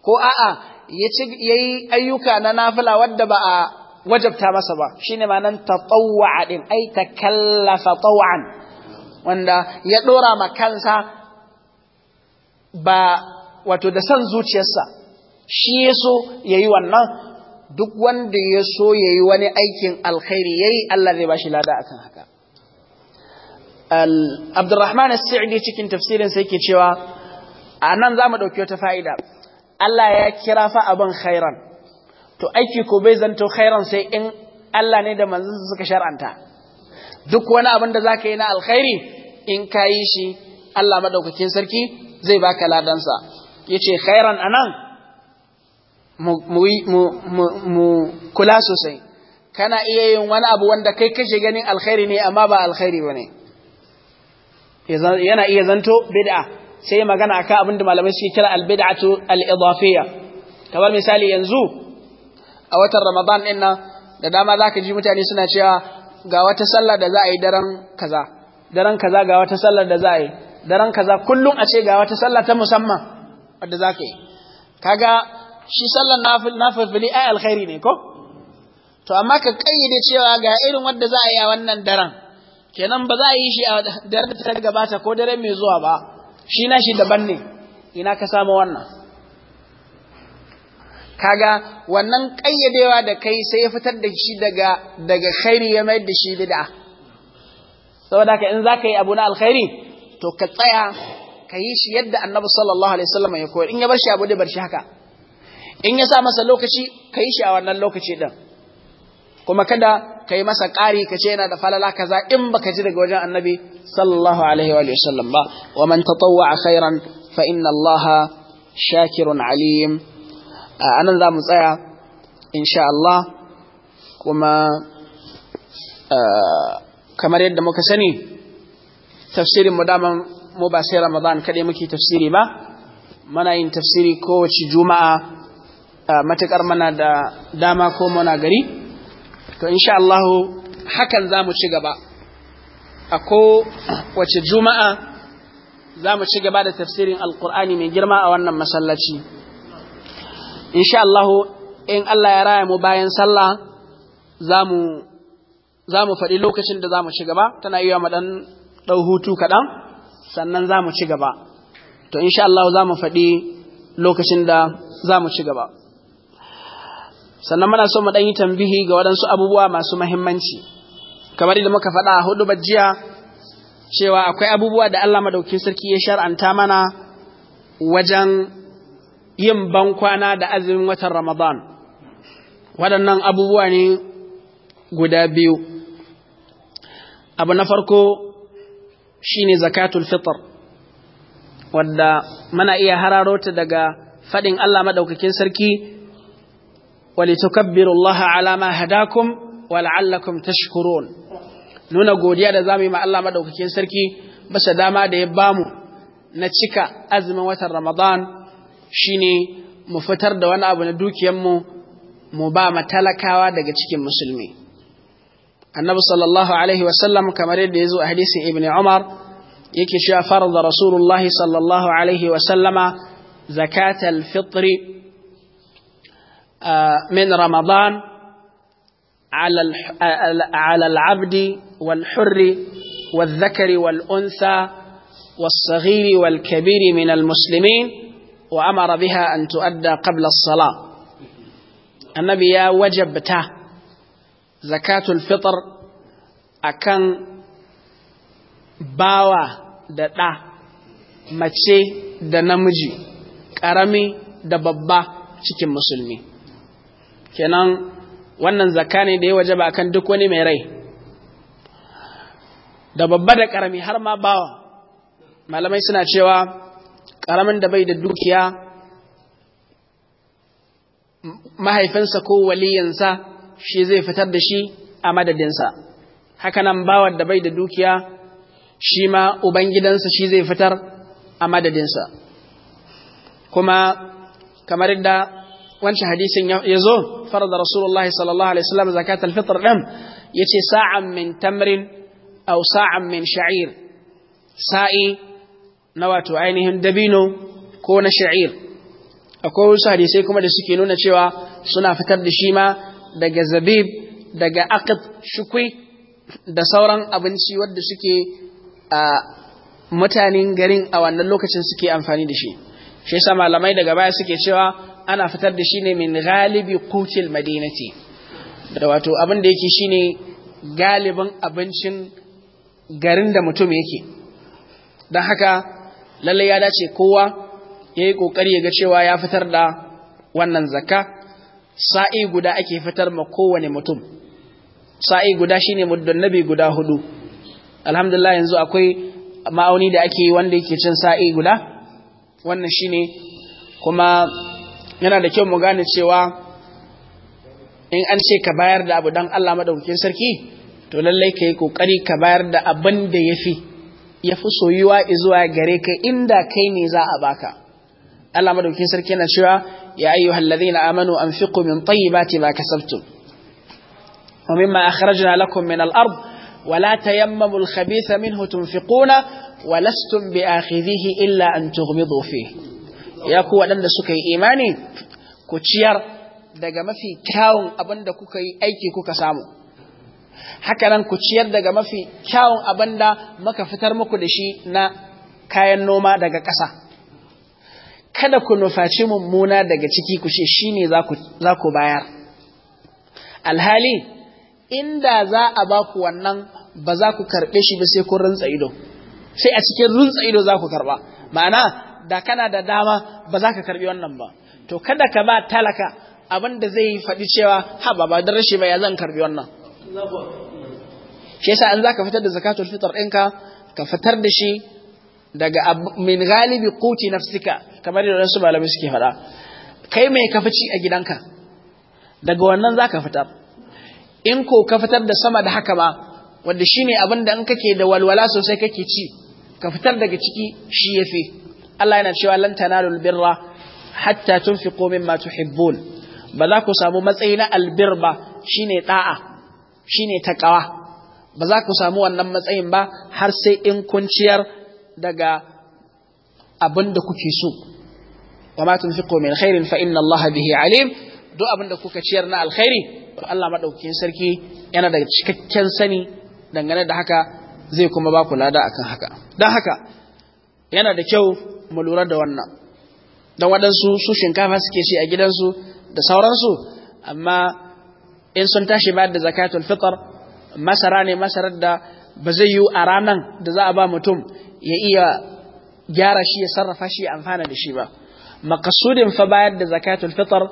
ko a'a ya yayi ayyuka na nafila wadda ba a wajabta masa ba shine nan tatawwa din ai takallafa tawan wanda ya dora ma kansa ba wato da san zuciyarsa shi yaso yayi wannan duk wanda ya so yayi wani aikin alkhairi yayi Allah zai bashi lada akan haka Abdurrahman as saidi cikin tafsirin sai yake cewa a anan zamu ɗauki wata fa'ida Allah ya kira fa abin khairan to aiki ko bai zanto khairan sai in Allah ne da manzon suka shar'anta duk wani abin da zaka yi na alkhairi in ka yi shi Allah madaukakin sarki zai baka ladansa yace khairan anan mu kula sosai kana iya yin wani abu wanda kai kashe ganin alkhairi ne amma ba alkhairi bane yana iya zanto bid'a sai ya magana akan abin da malamai suke kira albid'atu al-idafiyya kamar misali yanzu a watan Ramadan din nan da dama zaka ji mutane suna cewa ga wata sallah da za a yi daren kaza daren kaza ga wata sallah da za a yi daren kaza kullum a ce ga wata sallah ta musamman wadda za ka yi kaga shi sallar nafilfili ai alkhairi ne ko to amma ka kayyade cewa ga irin wanda za a yi a wannan daren kenan ba za a yi shi a daren da ta gabata ko dare mai zuwa ba shi na shi daban ne ina ka samu wannan kaga wannan ƙayyadewa da kai sai ya fitar da shi daga daga khairi ya mayar da shi bid'a saboda ka in zaka yi abu na alkhairi to ka tsaya ka yi shi yadda annabi sallallahu alaihi wasallam ya koyar in ya bar shi abu da bar shi haka in ya sa masa lokaci ka yi shi a wannan lokaci din kuma kada ka yi masa ƙari ka ce yana da falala kaza in baka ji daga wajen annabi sallallahu alaihi wa sallam ba wa man tatawwa khairan fa inna allaha shakirun alim anan za mu tsaya insha Allah kuma kamar yadda muka sani tafsirin mu daman mu ba sai Ramadan kaɗai muke tafsiri ba muna yin tafsiri kowace juma'a matukar mana da dama ko muna gari to insha Allah hakan zamu ci gaba a kowace juma'a za mu ci gaba da tafsirin alkur'ani mai girma a wannan masallaci insha Allah in Allah ya raya mu bayan sallah za mu faɗi lokacin da za mu ci gaba tana iya mu ɗan ɗau hutu kaɗan sannan za mu ci gaba to insha Allah za mu faɗi lokacin da za mu ci gaba sannan muna so mu ɗan yi tambihi ga waɗansu abubuwa masu mahimmanci kamar da muka faɗa a hudu jiya cewa akwai abubuwa da Allah madaukin sarki ya shar'anta mana wajen yin bankwana da azumin watan Ramadan waɗannan abubuwa ne guda biyu abu na farko shine zakatul fitr wadda muna iya hararo ta daga faɗin Allah madaukakin sarki ولتكبروا الله على ما هداكم ولعلكم تشكرون nuna godiya da zamu yi ma Allah madaukakin sarki basa dama da ya bamu na cika azumin watan Ramadan shine mu fitar da wani abu na dukiyar mu mu ba ma talakawa daga cikin musulmi annabi sallallahu alaihi wasallam kamar yadda ya zo a hadisin ibn umar yake cewa farada rasulullahi sallallahu alaihi wasallama zakatal fitri من رمضان على على العبد والحر والذكر والأنثى والصغير والكبير من المسلمين وأمر بها أن تؤدى قبل الصلاة النبي يا وجبتا زكاة الفطر أكن باوا دا mace دا نمجي كرمي دا babba شكي مسلمين kenan wannan zakka ne da ya waje ba kan duk wani mai rai da babba da karami har ma bawa malamai suna cewa ƙaramin da bai da dukiya mahaifinsa ko waliyansa shi zai fitar da shi a madadinsa hakanan bawa da bai da dukiya shi ma ubangidansa shi zai fitar a madadinsa kuma kamar da wancan hadisin ya zo farada rasulullahi sallallahu alaihi wasallam zakat alfitr din yace sa'an min tamrin aw sa'an min sha'ir sa'i na wato ainihin dabino ko na sha'ir akwai wasu hadisai kuma da suke nuna cewa suna fitar da shi ma daga zabib daga aqd shukwi da sauran abinci wanda suke a mutanen garin a wannan lokacin suke amfani da shi shi yasa malamai daga baya suke cewa ana fitar da shi ne min galibi kutil madinati da wato abin da yake shine galibin abincin garin da mutum yake don haka lallai ya dace kowa ya yi ƙoƙari ya ga cewa ya fitar da wannan zakka sa'i guda ake fitar ma kowane mutum sa'i guda shine muddin nabi guda hudu alhamdulillah yanzu akwai ma'auni da ake yi wanda yake cin sa'i guda wannan shine kuma yana da kyau mu gane cewa in an ce ka bayar da abu don Allah madaukakin sarki to lallai ka yi ƙoƙari ka bayar da abin da ya fi ya fi soyuwa zuwa gare ka inda kai ne za a baka Allah madaukakin sarki yana cewa ya ayyuhal na amanu anfiqu min tayyibati ba kasabtu wa mimma akhrajna lakum min al-ard ولا تيمموا الخبيث منه تنفقون ولستم بآخذه إلا أن تغمضوا فيه ya ku waɗanda suka yi imani ku ciyar daga mafi kyawun abin da kuka yi aiki kuka samu hakanan nan ku ciyar daga mafi kyawun abinda da muka fitar muku da shi na kayan noma daga ƙasa kada ku nufaci mummuna daga ciki ku ce shi ne za ku bayar alhali inda za a ba ku wannan ba za ku karɓe shi ba sai ku runtsa ido sai a cikin runtsa ido za ku karɓa ma'ana da kana da dama ba za ka karbi wannan ba to kada ka ba talaka abinda da zai faɗi cewa ha ba ba dan ba ya zan karbi wannan shi yasa an ka fitar da zakatul fitar ɗinka ka fitar da shi daga min galibi na nafsika kamar yadda wasu malamai suke faɗa kai mai ka fici a gidanka daga wannan za ka fitar in ko ka fitar da sama da haka ba wanda shine abin da in kake da walwala sosai kake ci ka fitar daga ciki shi ya fi. Allah yana cewa lan tanalul birra hatta tunfiqu mimma tuhibbun ba za ku samu matsayi na albirba ba shine da'a shine takawa ba za ku samu wannan matsayin ba har sai in kun ciyar daga abin da kuke so wa ma tunfiqu min khairin fa inna Allah bihi alim duk abin da kuka ciyar na alkhairi Allah madaukakin sarki yana da cikakken sani dangane da haka zai kuma ba ku lada akan haka don haka yana da kyau mu lura da wannan Dan waɗansu su shinkafa suke shi a gidansu da sauransu amma in sun tashi bayar da zakatul fitar, masara ne masarar da ba zai yiwu a ranan da za a ba mutum ya iya gyara shi ya sarrafa shi ya amfana da shi ba makasudin fa bayar da zakatul fitr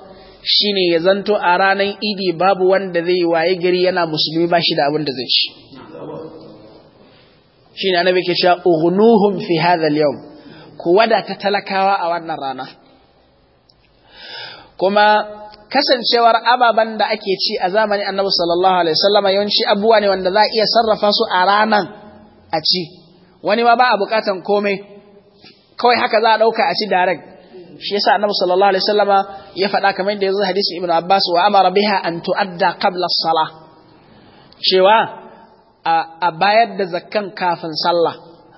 shine ya zanto a ranan idi babu wanda zai yi waye gari yana musulmi ba shi da abin da zai ci shine annabi ke cewa ughnuhum fi hadha al-yawm ku ta talakawa a wannan rana kuma kasancewar ababen da ake ci a zamanin annabi sallallahu alaihi wasallam yawanci abubuwa ne wanda za a iya sarrafa su a ranan a ci wani ma ba a bukatan komai kawai haka za a dauka a ci direct shi yasa annabi sallallahu alaihi wasallam ya faɗa kamar da yanzu hadisi ibnu abbas wa amara biha an tuadda qabla as-salah cewa a bayar da zakkan kafin sallah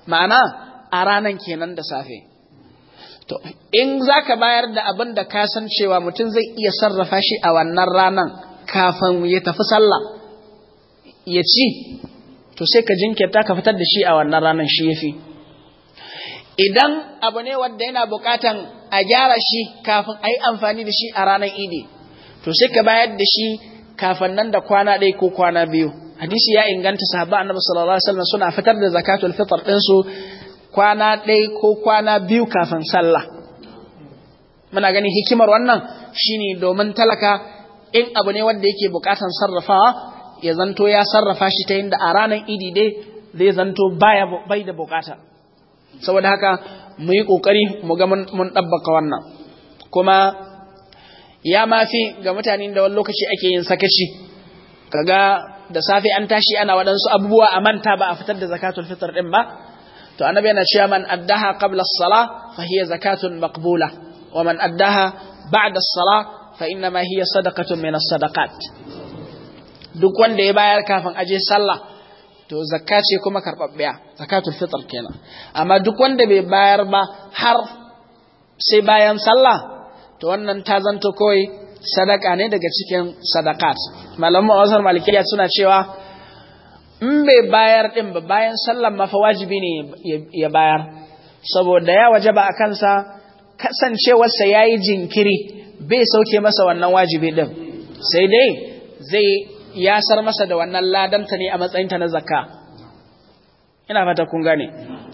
ma'ana a ranan kenan da safe to in za ka bayar da abin da ka san cewa mutum zai iya sarrafa shi a wannan ranan kafin ya tafi sallah ya ci to sai ka jinkirta ka fitar da shi a wannan ranan shi ya fi idan abu ne wadda yana bukatan a gyara shi kafin a yi amfani da shi a ranan idi to sai ka bayar da shi kafin nan da kwana ɗaya ko kwana biyu hadisi ya inganta sahaba annabi sallallahu alaihi wasallam suna fitar da zakatul fitr ɗinsu kwana ɗaya ko kwana biyu kafin sallah muna ganin hikimar wannan Shi ne domin talaka in abu ne wanda yake buƙatar sarrafawa ya zanto ya sarrafa shi ta yadda a ranar idi dai zai zanto baya bai da bukata saboda haka mu yi ƙoƙari mu ga mun ɗabbaka wannan kuma ya mafi ga mutane da wani lokaci ake yin sakaci kaga da safe an tashi ana waɗansu abubuwa a manta ba a fitar da zakatul fitar ɗin ba to annabi yana cewa man addaha qabla as-salah fa hiya zakatun maqbula wa man addaha ba'da as-salah fa inna ma hiya sadaqatun min as-sadaqat duk wanda ya bayar kafin aje sallah to zakka ce kuma karɓaɓɓiya zakatul fitr kenan amma duk wanda bai bayar ba har sai bayan sallah to wannan ta zanto kawai sadaka ne daga cikin sadakat malamu a wasar malikiya suna cewa in bai bayar ɗin ba bayan sallan mafa wajibi ne ya bayar saboda ya waje ba a kansa kasancewarsa ya yi jinkiri bai sauke masa wannan wajibi ɗin sai dai zai yasar masa da wannan ladanta ne a matsayinta na zakka ina fata kun gane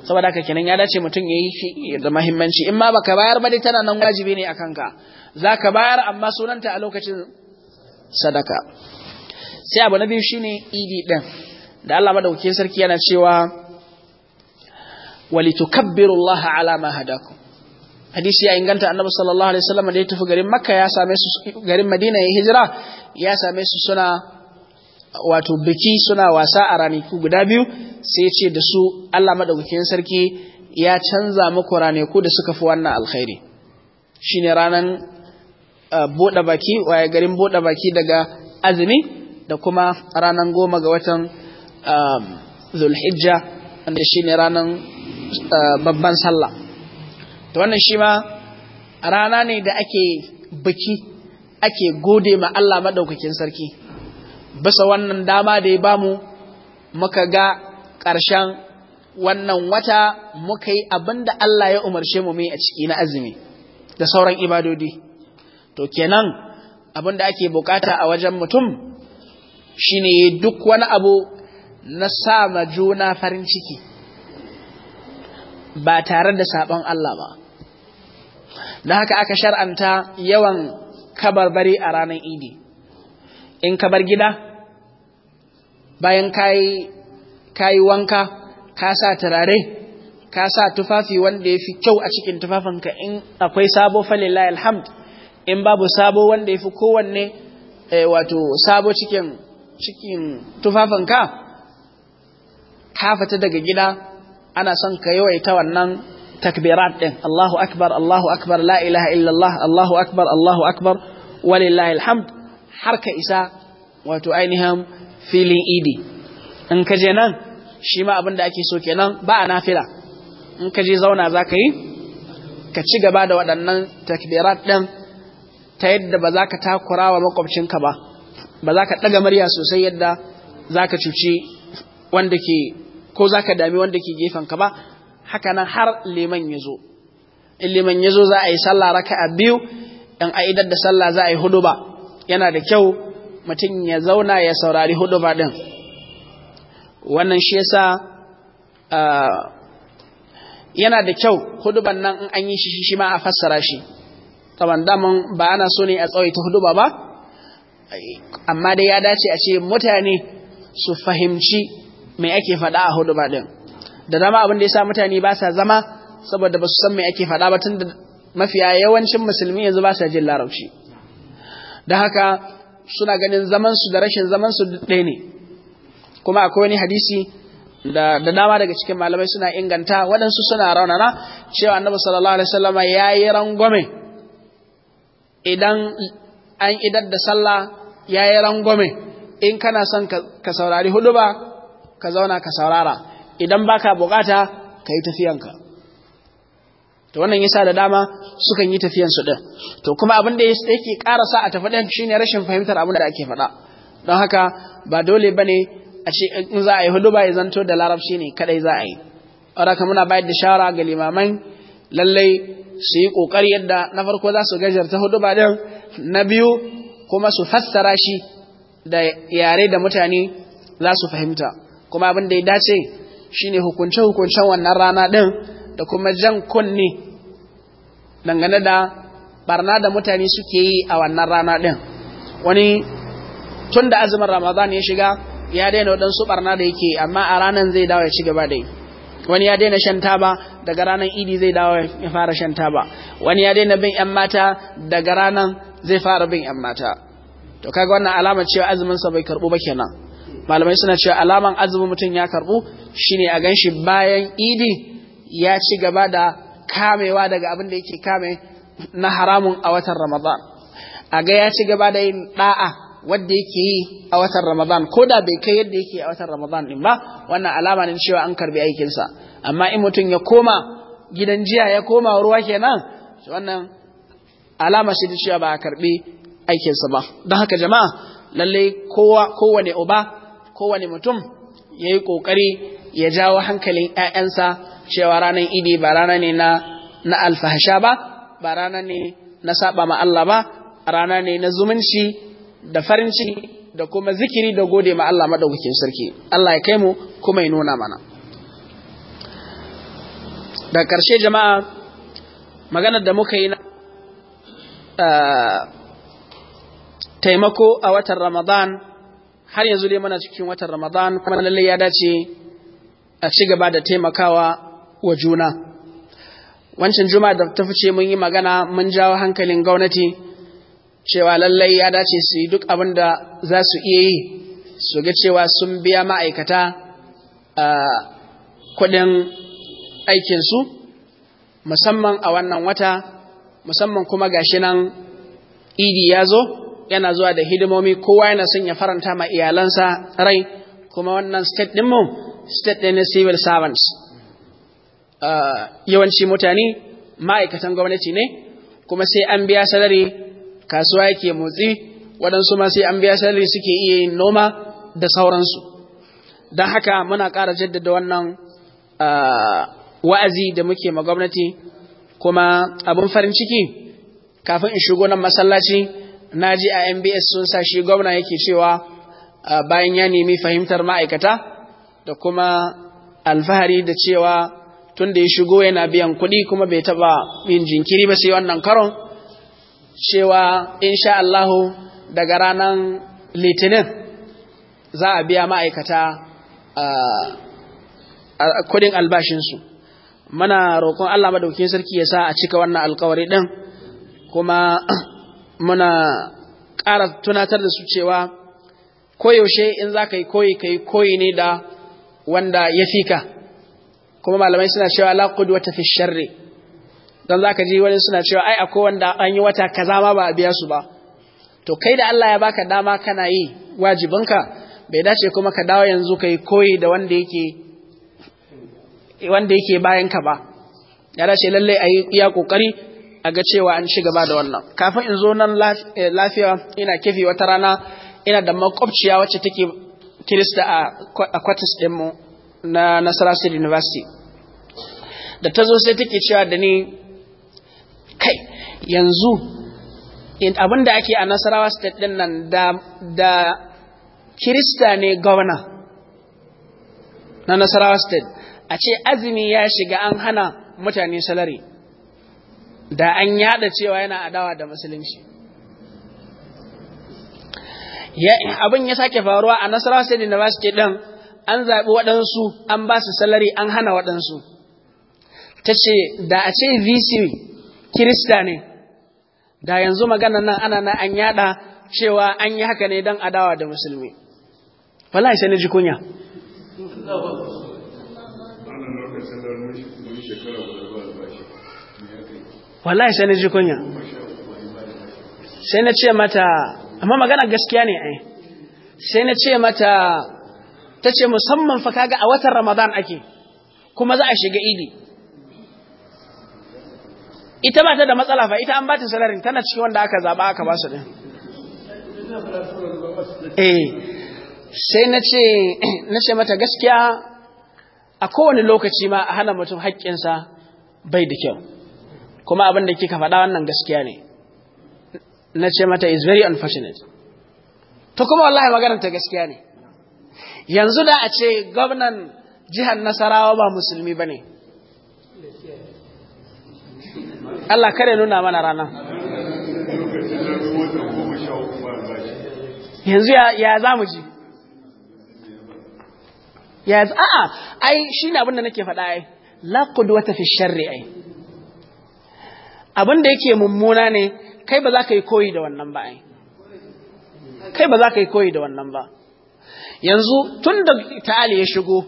saboda haka kenan ya dace mutum ya yi da mahimmanci in ma baka bayar ba dai tana nan wajibi ne a kanka za ka bayar amma sunanta a lokacin sadaka sai abu na biyu shine idi ɗin da Allah madaukakin sarki yana cewa walitukabbiru Allah ala ma hadakum hadisi ya inganta annabi sallallahu alaihi wasallam da ya tafi garin makka ya same su garin madina ya hijira ya same su suna wato biki suna wasa a ranaku guda biyu sai ce da su Allah madaukakin sarki ya canza muku ranaku da suka fi wannan alkhairi shine ranan bude baki waye garin bude baki daga azumi da kuma ranan goma ga watan Um, zulhijja wanda shi ne ranar uh, babban sallah to wannan shi ma rana ne da ake biki ake gode ma Allah maɗaukakin sarki bisa wannan dama da ya bamu muka ga ƙarshen wannan wata muka yi abin da Allah ya umarce mu mai a ciki na azumi da sauran ibadodi to kenan abin da ake bukata a wajen mutum shine duk wani abu na sa ma juna farin ciki ba tare da sabon Allah ba Na haka aka shar'anta yawan kabarbari a ranar idi in ka bar gida bayan kayi wanka ka sa turare ka sa tufafi wanda ya fi kyau a cikin tufafinka in akwai sabo falilai alhamd in babu sabo wanda ya fi kowanne eh, wato sabo cikin tufafinka ka fita daga gida ana son ka yawaita wannan takbirat din Allahu akbar Allahu akbar la ilaha illallah Allahu akbar Allahu akbar walillahi alhamd har ka isa wato ainihin filin idi in ka je nan shi ma abin da ake so kenan ba a nafila in ka je zauna za ka yi ka ci gaba da waɗannan takbirat ɗin ta yadda ba za ka takura wa makwabcinka ba ba za ka ɗaga murya sosai yadda za ka cuci wanda ke ko za ka dami wanda ke ka ba haka nan har liman ya zo in liman ya zo za a yi sallah raka a biyu in a idar da sallah za a yi hudu ba yana da kyau mutum ya zauna ya saurari hudu ba wannan shi yasa yana da kyau huduban nan in an yi shi shi ma a fassara shi da daman ba ana so ne a tsawaita huduba ba amma dai ya dace a ce mutane su fahimci me ake faɗa a hudu ba ɗin da dama abin da ya sa mutane ba sa zama saboda ba su san me ake faɗa ba tun da mafiya yawancin musulmi yanzu ba sa jin larabci da haka suna ganin zaman su da rashin zaman su ɗaya ne kuma akwai wani hadisi da dama daga cikin malamai suna inganta waɗansu suna raunana cewa annabi sallallahu alaihi wasallam ya yi rangwame idan an idar da sallah ya yi rangwame in kana son ka saurari huduba ka zauna ka saurara idan baka bukata ka yi tafiyanka to wannan yasa da dama sukan yi tafiyansu din to kuma abin da yake karasa a tafi shi shine rashin fahimtar abin da ake faɗa don haka ba dole bane a ce in za a yi hudu ba ya zanto da larabci ne kadai za a yi wadaka muna bayar da shawara ga limaman lallai su yi ƙoƙari yadda na farko za su gajarta hudu ba din na biyu kuma su fassara shi da yare da mutane za su fahimta kuma abin da ya dace shine hukunce-hukuncen wannan rana ɗin da kuma jan kunni dangane da barna da mutane suke yi a wannan rana ɗin wani tun da azumin ramadan ya shiga ya daina waɗansu barna da yake amma a ranar zai dawo ya ci gaba da yi wani ya daina shan taba daga ranar idi zai dawo ya fara shan taba wani ya daina bin 'yan mata daga ranan zai fara bin 'yan mata to kaga wannan alama cewa azumin sa bai karbu ba kenan malamai suna cewa alaman azumin mutum ya karbu shine a ganshi bayan idi ya ci gaba da kamewa daga abin da yake kame na haramun a watan ramadan a ga ya ci gaba da yin da'a wadda yake yi a watan Ramadan ko da bai kai yadda yake a watan Ramadan din ba wannan alama ne cewa an karbi aikinsa amma in mutum ya koma gidan jiya ya koma ruwa kenan to wannan alama shi da cewa ba a karbi aikinsa ba don haka jama'a lallai kowa kowane uba kowane mutum ya yi ƙoƙari ya jawo hankalin ‘ya'yansa cewa ranar idi ba rana ne na alfahasha ba ba rana ne na saba ma Allah ba rana ne na zumunci da farin ciki da kuma zikiri da gode ma Allah maɗaukakin sarki Allah ya kai mu kuma ya nuna mana da ƙarshe jama'a maganar da muka yi na eh, taimako a watan ramadan har yanzu dai muna cikin watan Ramadan kuma lallai ya dace a ci gaba da taimakawa wa juna. Wancan juma da ta fice mun yi magana mun jawo hankalin gwamnati cewa lallai ya dace su yi duk abin da za su iya yi su ga cewa sun biya ma'aikata a kuɗin aikinsu musamman a wannan wata musamman kuma gashi nan idi ya zo yana zuwa da hidimomi kowa yana son ya faranta ma iyalansa rai kuma wannan state ɗinmu state ɗin na civil servants ah, yawanci mutane ma'aikatan gwamnati ne kuma sai an biya salari kasuwa yake motsi waɗansu ma sai an biya salari suke iya yin noma da sauransu don haka muna ƙara jaddada wannan ah, wa'azi da muke ma gwamnati kuma abin farin ciki kafin in shigo nan masallaci na ji a mbs sun sa shi gwamna yake cewa bayan ya nemi fahimtar ma'aikata da kuma alfahari da cewa tun da ya shigo yana biyan kuɗi kuma bai taɓa yin jinkiri ba sai wannan karon cewa insha Allahu daga ranar litinin za a biya ma'aikata kudin albashinsu mana roƙon Allah madaukakin sarki ya sa a cika wannan alƙawari ɗin kuma muna ƙara tunatar da su cewa koyaushe in za ka yi koyi ka yi koyi ne da wanda ya fi ka kuma malamai suna cewa laƙud wata fi sharri don za ka ji wani suna cewa ai akwai wanda an yi wata kaza ma ba a biya su ba to kai da Allah ya baka dama kana yi wajibinka bai dace kuma ka dawo yanzu ka yi koyi da wanda yake wanda yake bayan ka ba ya dace lallai a yi iya ƙoƙari. a ga cewa an ci gaba da wannan kafin in zo nan eh, lafiya ina kifi wata rana ina da makwabciya wacce take kirista a kwatis ɗinmu na nasara state university da ta zo sai take cewa da ni kai yanzu abin ake a nasarawa state ɗin nan da kirista ne gwamna na nasarawa state a ce azumi ya shiga an hana mutane salari da an yada cewa yana adawa da musulunci abin ya sake faruwa a nasarawa state university ɗin an zaɓi waɗansu an ba su salari an hana waɗansu ta ce da a ce vc kirista ne da yanzu magana nan ana na an yada cewa an yi haka ne don adawa da musulmi wallahi sai na ji kunya wallahi sai na ji kunya sai na ce mata amma magana gaskiya ne ai sai na ce mata ta ce musamman fa kaga a watan ramadan ake kuma za a shiga idi ita ba ta da matsala fa ita an ba ta salarin tana cikin wanda aka zaba aka ba su din eh sai na ce na ce mata gaskiya a kowane lokaci ma a hana mutum haƙƙinsa bai da kyau kuma abin da kika faɗa wannan gaskiya ne na ce mata is very unfortunate to kuma wallahi maganar ta gaskiya ne yanzu da a ce gwamnan jihar nasarawa ba musulmi ba ne Allah kare nuna mana rana yanzu ya za mu ji ya a, ai shi ne abin da nake faɗa ai la ta fi sharri abin da yake mummuna ne kai ba za ka yi koyi da wannan ba ai kai ba za ka yi koyi da wannan ba yanzu tun da ta'ali ya shigo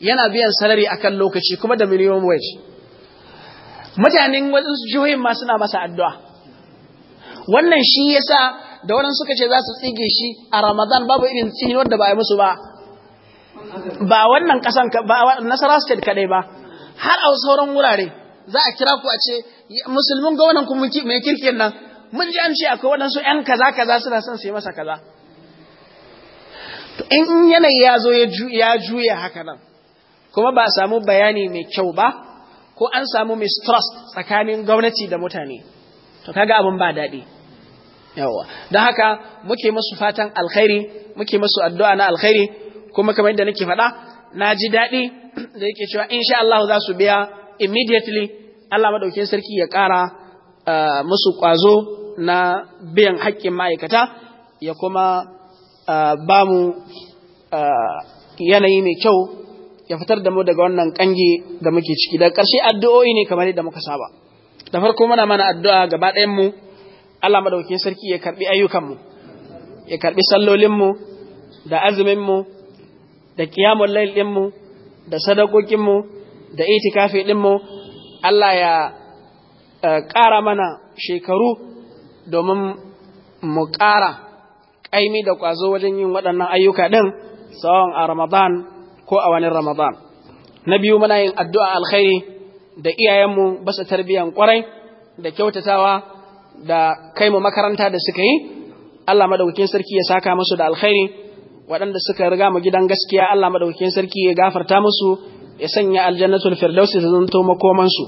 yana biyan salari akan lokaci kuma da minimum wage mutanen wajen jihohin ma suna masa addu'a wannan shi yasa da wannan suka ce za su tsige shi a Ramadan babu irin tsinuwar wanda ba a musu ba ba wannan kasan ba nasara state kadai ba har a sauran wurare za a kira ku a ce musulmin gwamnan ku mai kirkin nan mun ji an ce akwai waɗansu ‘yan kaza kaza suna son su yi masa kaza to in yanayi ya zo ya juya haka nan kuma ba a samu bayani mai kyau ba ko an samu mistrust tsakanin gwamnati da mutane to kaga abin ba daɗi yawa don haka muke musu fatan alkhairi muke musu addu'a na alkhairi kuma kamar yadda nake faɗa na ji daɗi da yake cewa insha Allah za su biya immediately Allah madaukin sarki ya ƙara eh, musu ƙwazo na biyan haƙƙin ma'aikata ya kuma eh, ba mu eh, yanayi mai kyau ya fitar da mu daga wannan kange da muke ciki da ƙarshe addu'o'i ne kamar yadda muka saba da farko muna mana addu'a gaba ɗayan mu Allah sarki ya karɓi ayyukan mu ya karɓi sallolin mu da azumin mu da qiyamul layl mu da sadakokin mu da itikafi ɗinmu Allah ya eh, ƙara mana shekaru domin mu ƙara ƙaimi da ƙwazo wajen yin waɗannan ayyuka ɗin tsawon a Ramadan ko a wani Ramadan. Na biyu muna yin addu'a alkhairi da iyayenmu basa tarbiyan ƙwarai da kyautatawa da kai mu makaranta da suka yi, Allah madaukakin sarki ya saka musu da alkhairi waɗanda suka riga mu gidan gaskiya Allah madaukakin sarki ya gafarta musu ya sanya aljannatul firdausi ta zanto makomansu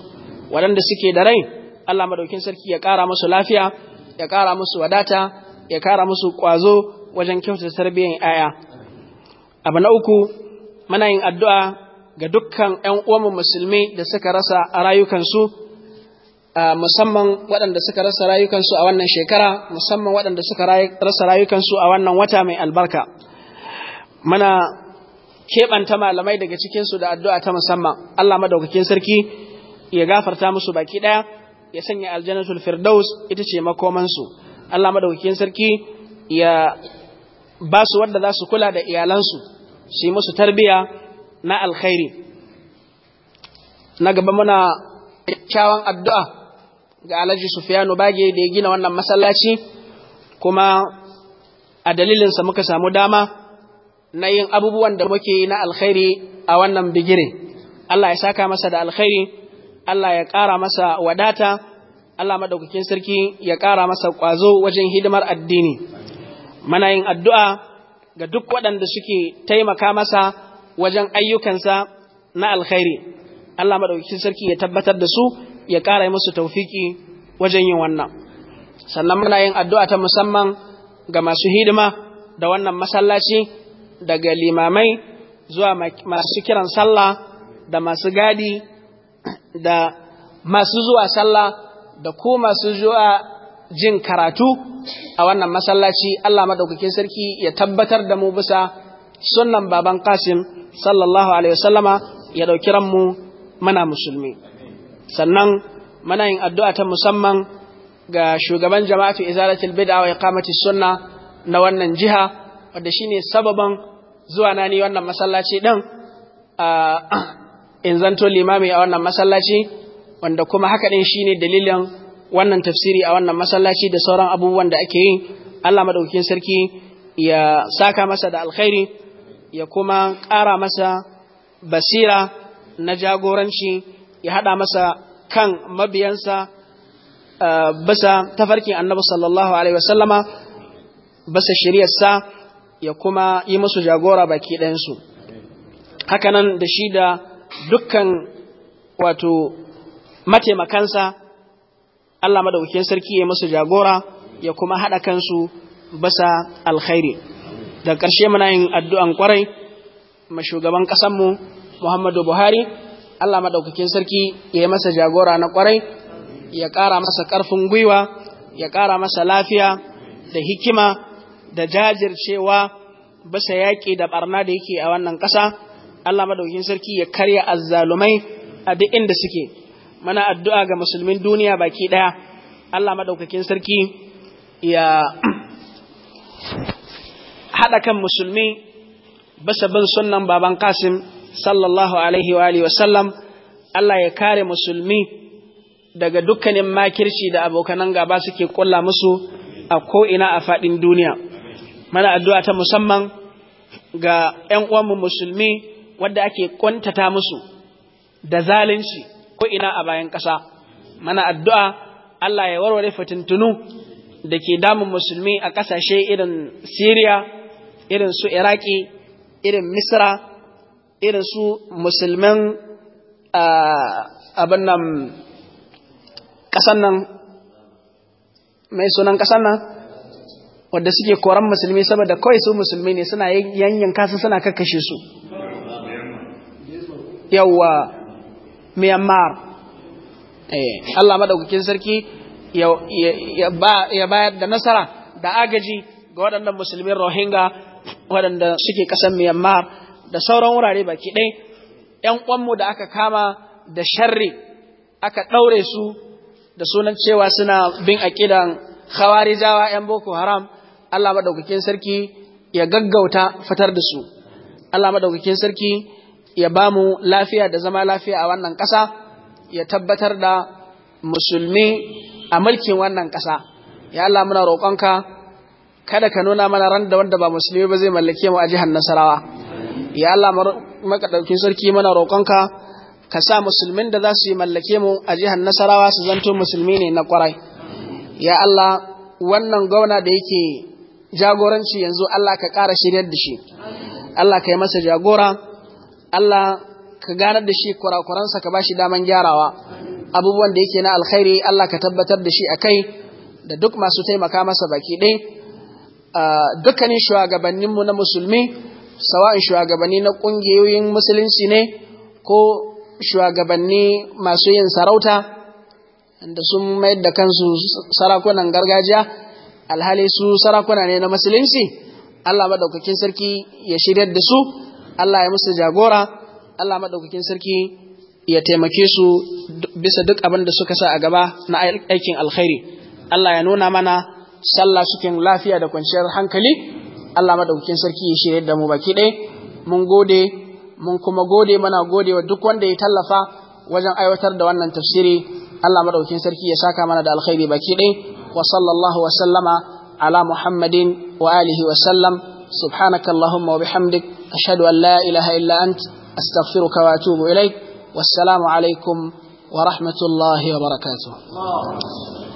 waɗanda suke da rai Allah madaukin sarki ya ƙara musu lafiya ya ƙara musu wadata ya ƙara musu ƙwazo wajen kyauta tarbiyyar aya abu na uku muna yin addu'a ga dukkan ƴan uwan musulmi da suka rasa rayukansu musamman waɗanda suka rasa rayukansu a wannan shekara musamman waɗanda suka rasa rayukansu a wannan wata mai albarka muna keɓanta malamai daga cikinsu da addu'a ta musamman Allah madaukakin sarki ya gafarta musu baki ɗaya ya sanya aljanatul firdaus ita ce makomansu Allah madaukakin sarki ya ba su wadda za su kula da iyalansu su yi musu tarbiya na alkhairi na gaba muna kyawun addu'a ga alhaji sufiyanu bage da ya gina wannan masallaci kuma a dalilinsa muka samu dama na yin abubuwan da muke yi na alkhairi a wannan bigire Allah ya saka masa da alkhairi Allah ya ƙara masa wadata Allah madaukakin sarki ya ƙara masa ƙwazo wajen hidimar addini mana yin addu'a ga duk waɗanda suke taimaka masa wajen ayyukansa na alkhairi Allah madaukakin sarki ya tabbatar da su ya ƙara musu taufiki wajen yin wannan sannan muna yin addu'a ta musamman ga masu hidima da wannan masallaci daga limamai zuwa masu kiran sallah da masu gadi da masu zuwa sallah da ko masu zuwa jin karatu a wannan masallaci Allah madaukakin sarki ya tabbatar da mu bisa sunnan baban Qasim sallallahu alaihi wasallama ya dauki ranmu muna musulmi sannan muna yin addu'a ta musamman ga shugaban jama'atu izalatul bid'a wa iqamati sunna na wannan jiha wanda shine sababan zuwa na ni wannan masallaci ɗin in zanto limami a wannan masallaci wanda kuma haka din shine dalilin wannan tafsiri a wannan masallaci da sauran abubuwan da ake yi Allah madaukakin sarki ya saka masa da alkhairi ya kuma ƙara masa basira na jagoranci ya haɗa masa kan mabiyansa bisa tafarkin annabi sallallahu alaihi wasallama bisa shiryarsa ya kuma yi musu jagora baki ɗayansu hakanan da shi da dukkan wato mataimakansa Allah madaukakin sarki ya musu jagora ya kuma haɗa kansu basa alkhairi da ƙarshe muna yin addu'an ƙwarai ma shugaban ƙasanmu Muhammadu Buhari Allah madaukakin sarki ya yi masa jagora na ƙwarai ya ƙara masa ƙarfin gwiwa ya ƙara masa lafiya da hikima da jajircewa bisa yaƙi da barna da yake a wannan ƙasa Allah madaukin sarki ya karya azzalumai a duk inda suke mana addu'a ga musulmin duniya baki ɗaya Allah madaukakin sarki ya haɗa kan musulmi bisa bin sunnan baban Qasim sallallahu alaihi wa alihi wasallam Allah ya kare musulmi daga dukkanin makirci da abokanan gaba suke kulla musu a ko'ina a faɗin duniya. mana addu'a ta musamman ga ‘yan uwanmu musulmi wadda ake kwantata musu da zalunci ko ina a bayan ƙasa, mana addu'a Allah ya warware fitintunu da ke damun musulmi a ƙasashe irin Siriya, irin su Iraki, irin Misra, irin su musulmin abin nan ƙasan mai sunan ƙasan nan? wadda suke koran musulmi saboda kawai su musulmi ne suna yanyanka su suna kakkashe su yawa myanmar eh, Allah madaukakin sarki ya bayar da nasara da agaji ga waɗannan musulmin rohinga waɗanda suke ƙasar myanmar da sauran wurare baki ɗai ‘yan ƙwanmu da aka kama da sharri aka ɗaure su da sunan cewa suna bin aƙidan khawarijawa ‘yan boko haram’ Allah maɗaukakin sarki ya gaggauta fitar da su Allah maɗaukakin sarki ya ba mu lafiya da zama lafiya a wannan ƙasa ya tabbatar da musulmi a mulkin wannan ƙasa ya Allah muna roƙonka kada ka nuna mana ran da wanda ba musulmi ba zai mallake mu a jihar Nasarawa ya Allah maɗaukakin sarki muna roƙonka ka sa musulmin da za su yi mallake mu a jihar Nasarawa su zanto musulmi ne na kwarai. Ya Allah, wannan gwamna da yake jagoranci yanzu Allah ka ƙara shiryar da shi Allah ka yi masa jagora Allah ka ganar da shi kurakuransa ka ba shi daman gyarawa abubuwan da yake na alkhairi Allah ka tabbatar da shi a kai da duk masu taimaka masa baki ɗai dukkanin shugabanninmu na musulmi sawa'in shugabanni na ƙungiyoyin musulunci ne ko shugabanni masu yin sarauta da sun mayar da kansu sarakunan gargajiya alhali su sarakuna ne na musulunci Allah madaukakin sarki ya shiryar da su Allah ya musu jagora Allah madaukakin sarki ya taimake su bisa duk abin da suka sa a gaba na aikin alkhairi Allah ya nuna mana sallah suke lafiya da kwanciyar hankali Allah madaukakin sarki ya shirya da mu baki ɗaya mun gode mun kuma gode mana gode wa duk wanda ya tallafa wajen aiwatar da wannan tafsiri Allah madaukakin sarki ya saka mana da alkhairi baki ɗaya وصلى الله وسلم على محمد وآله وسلم سبحانك اللهم وبحمدك أشهد أن لا إله إلا أنت أستغفرك وأتوب إليك والسلام عليكم ورحمة الله وبركاته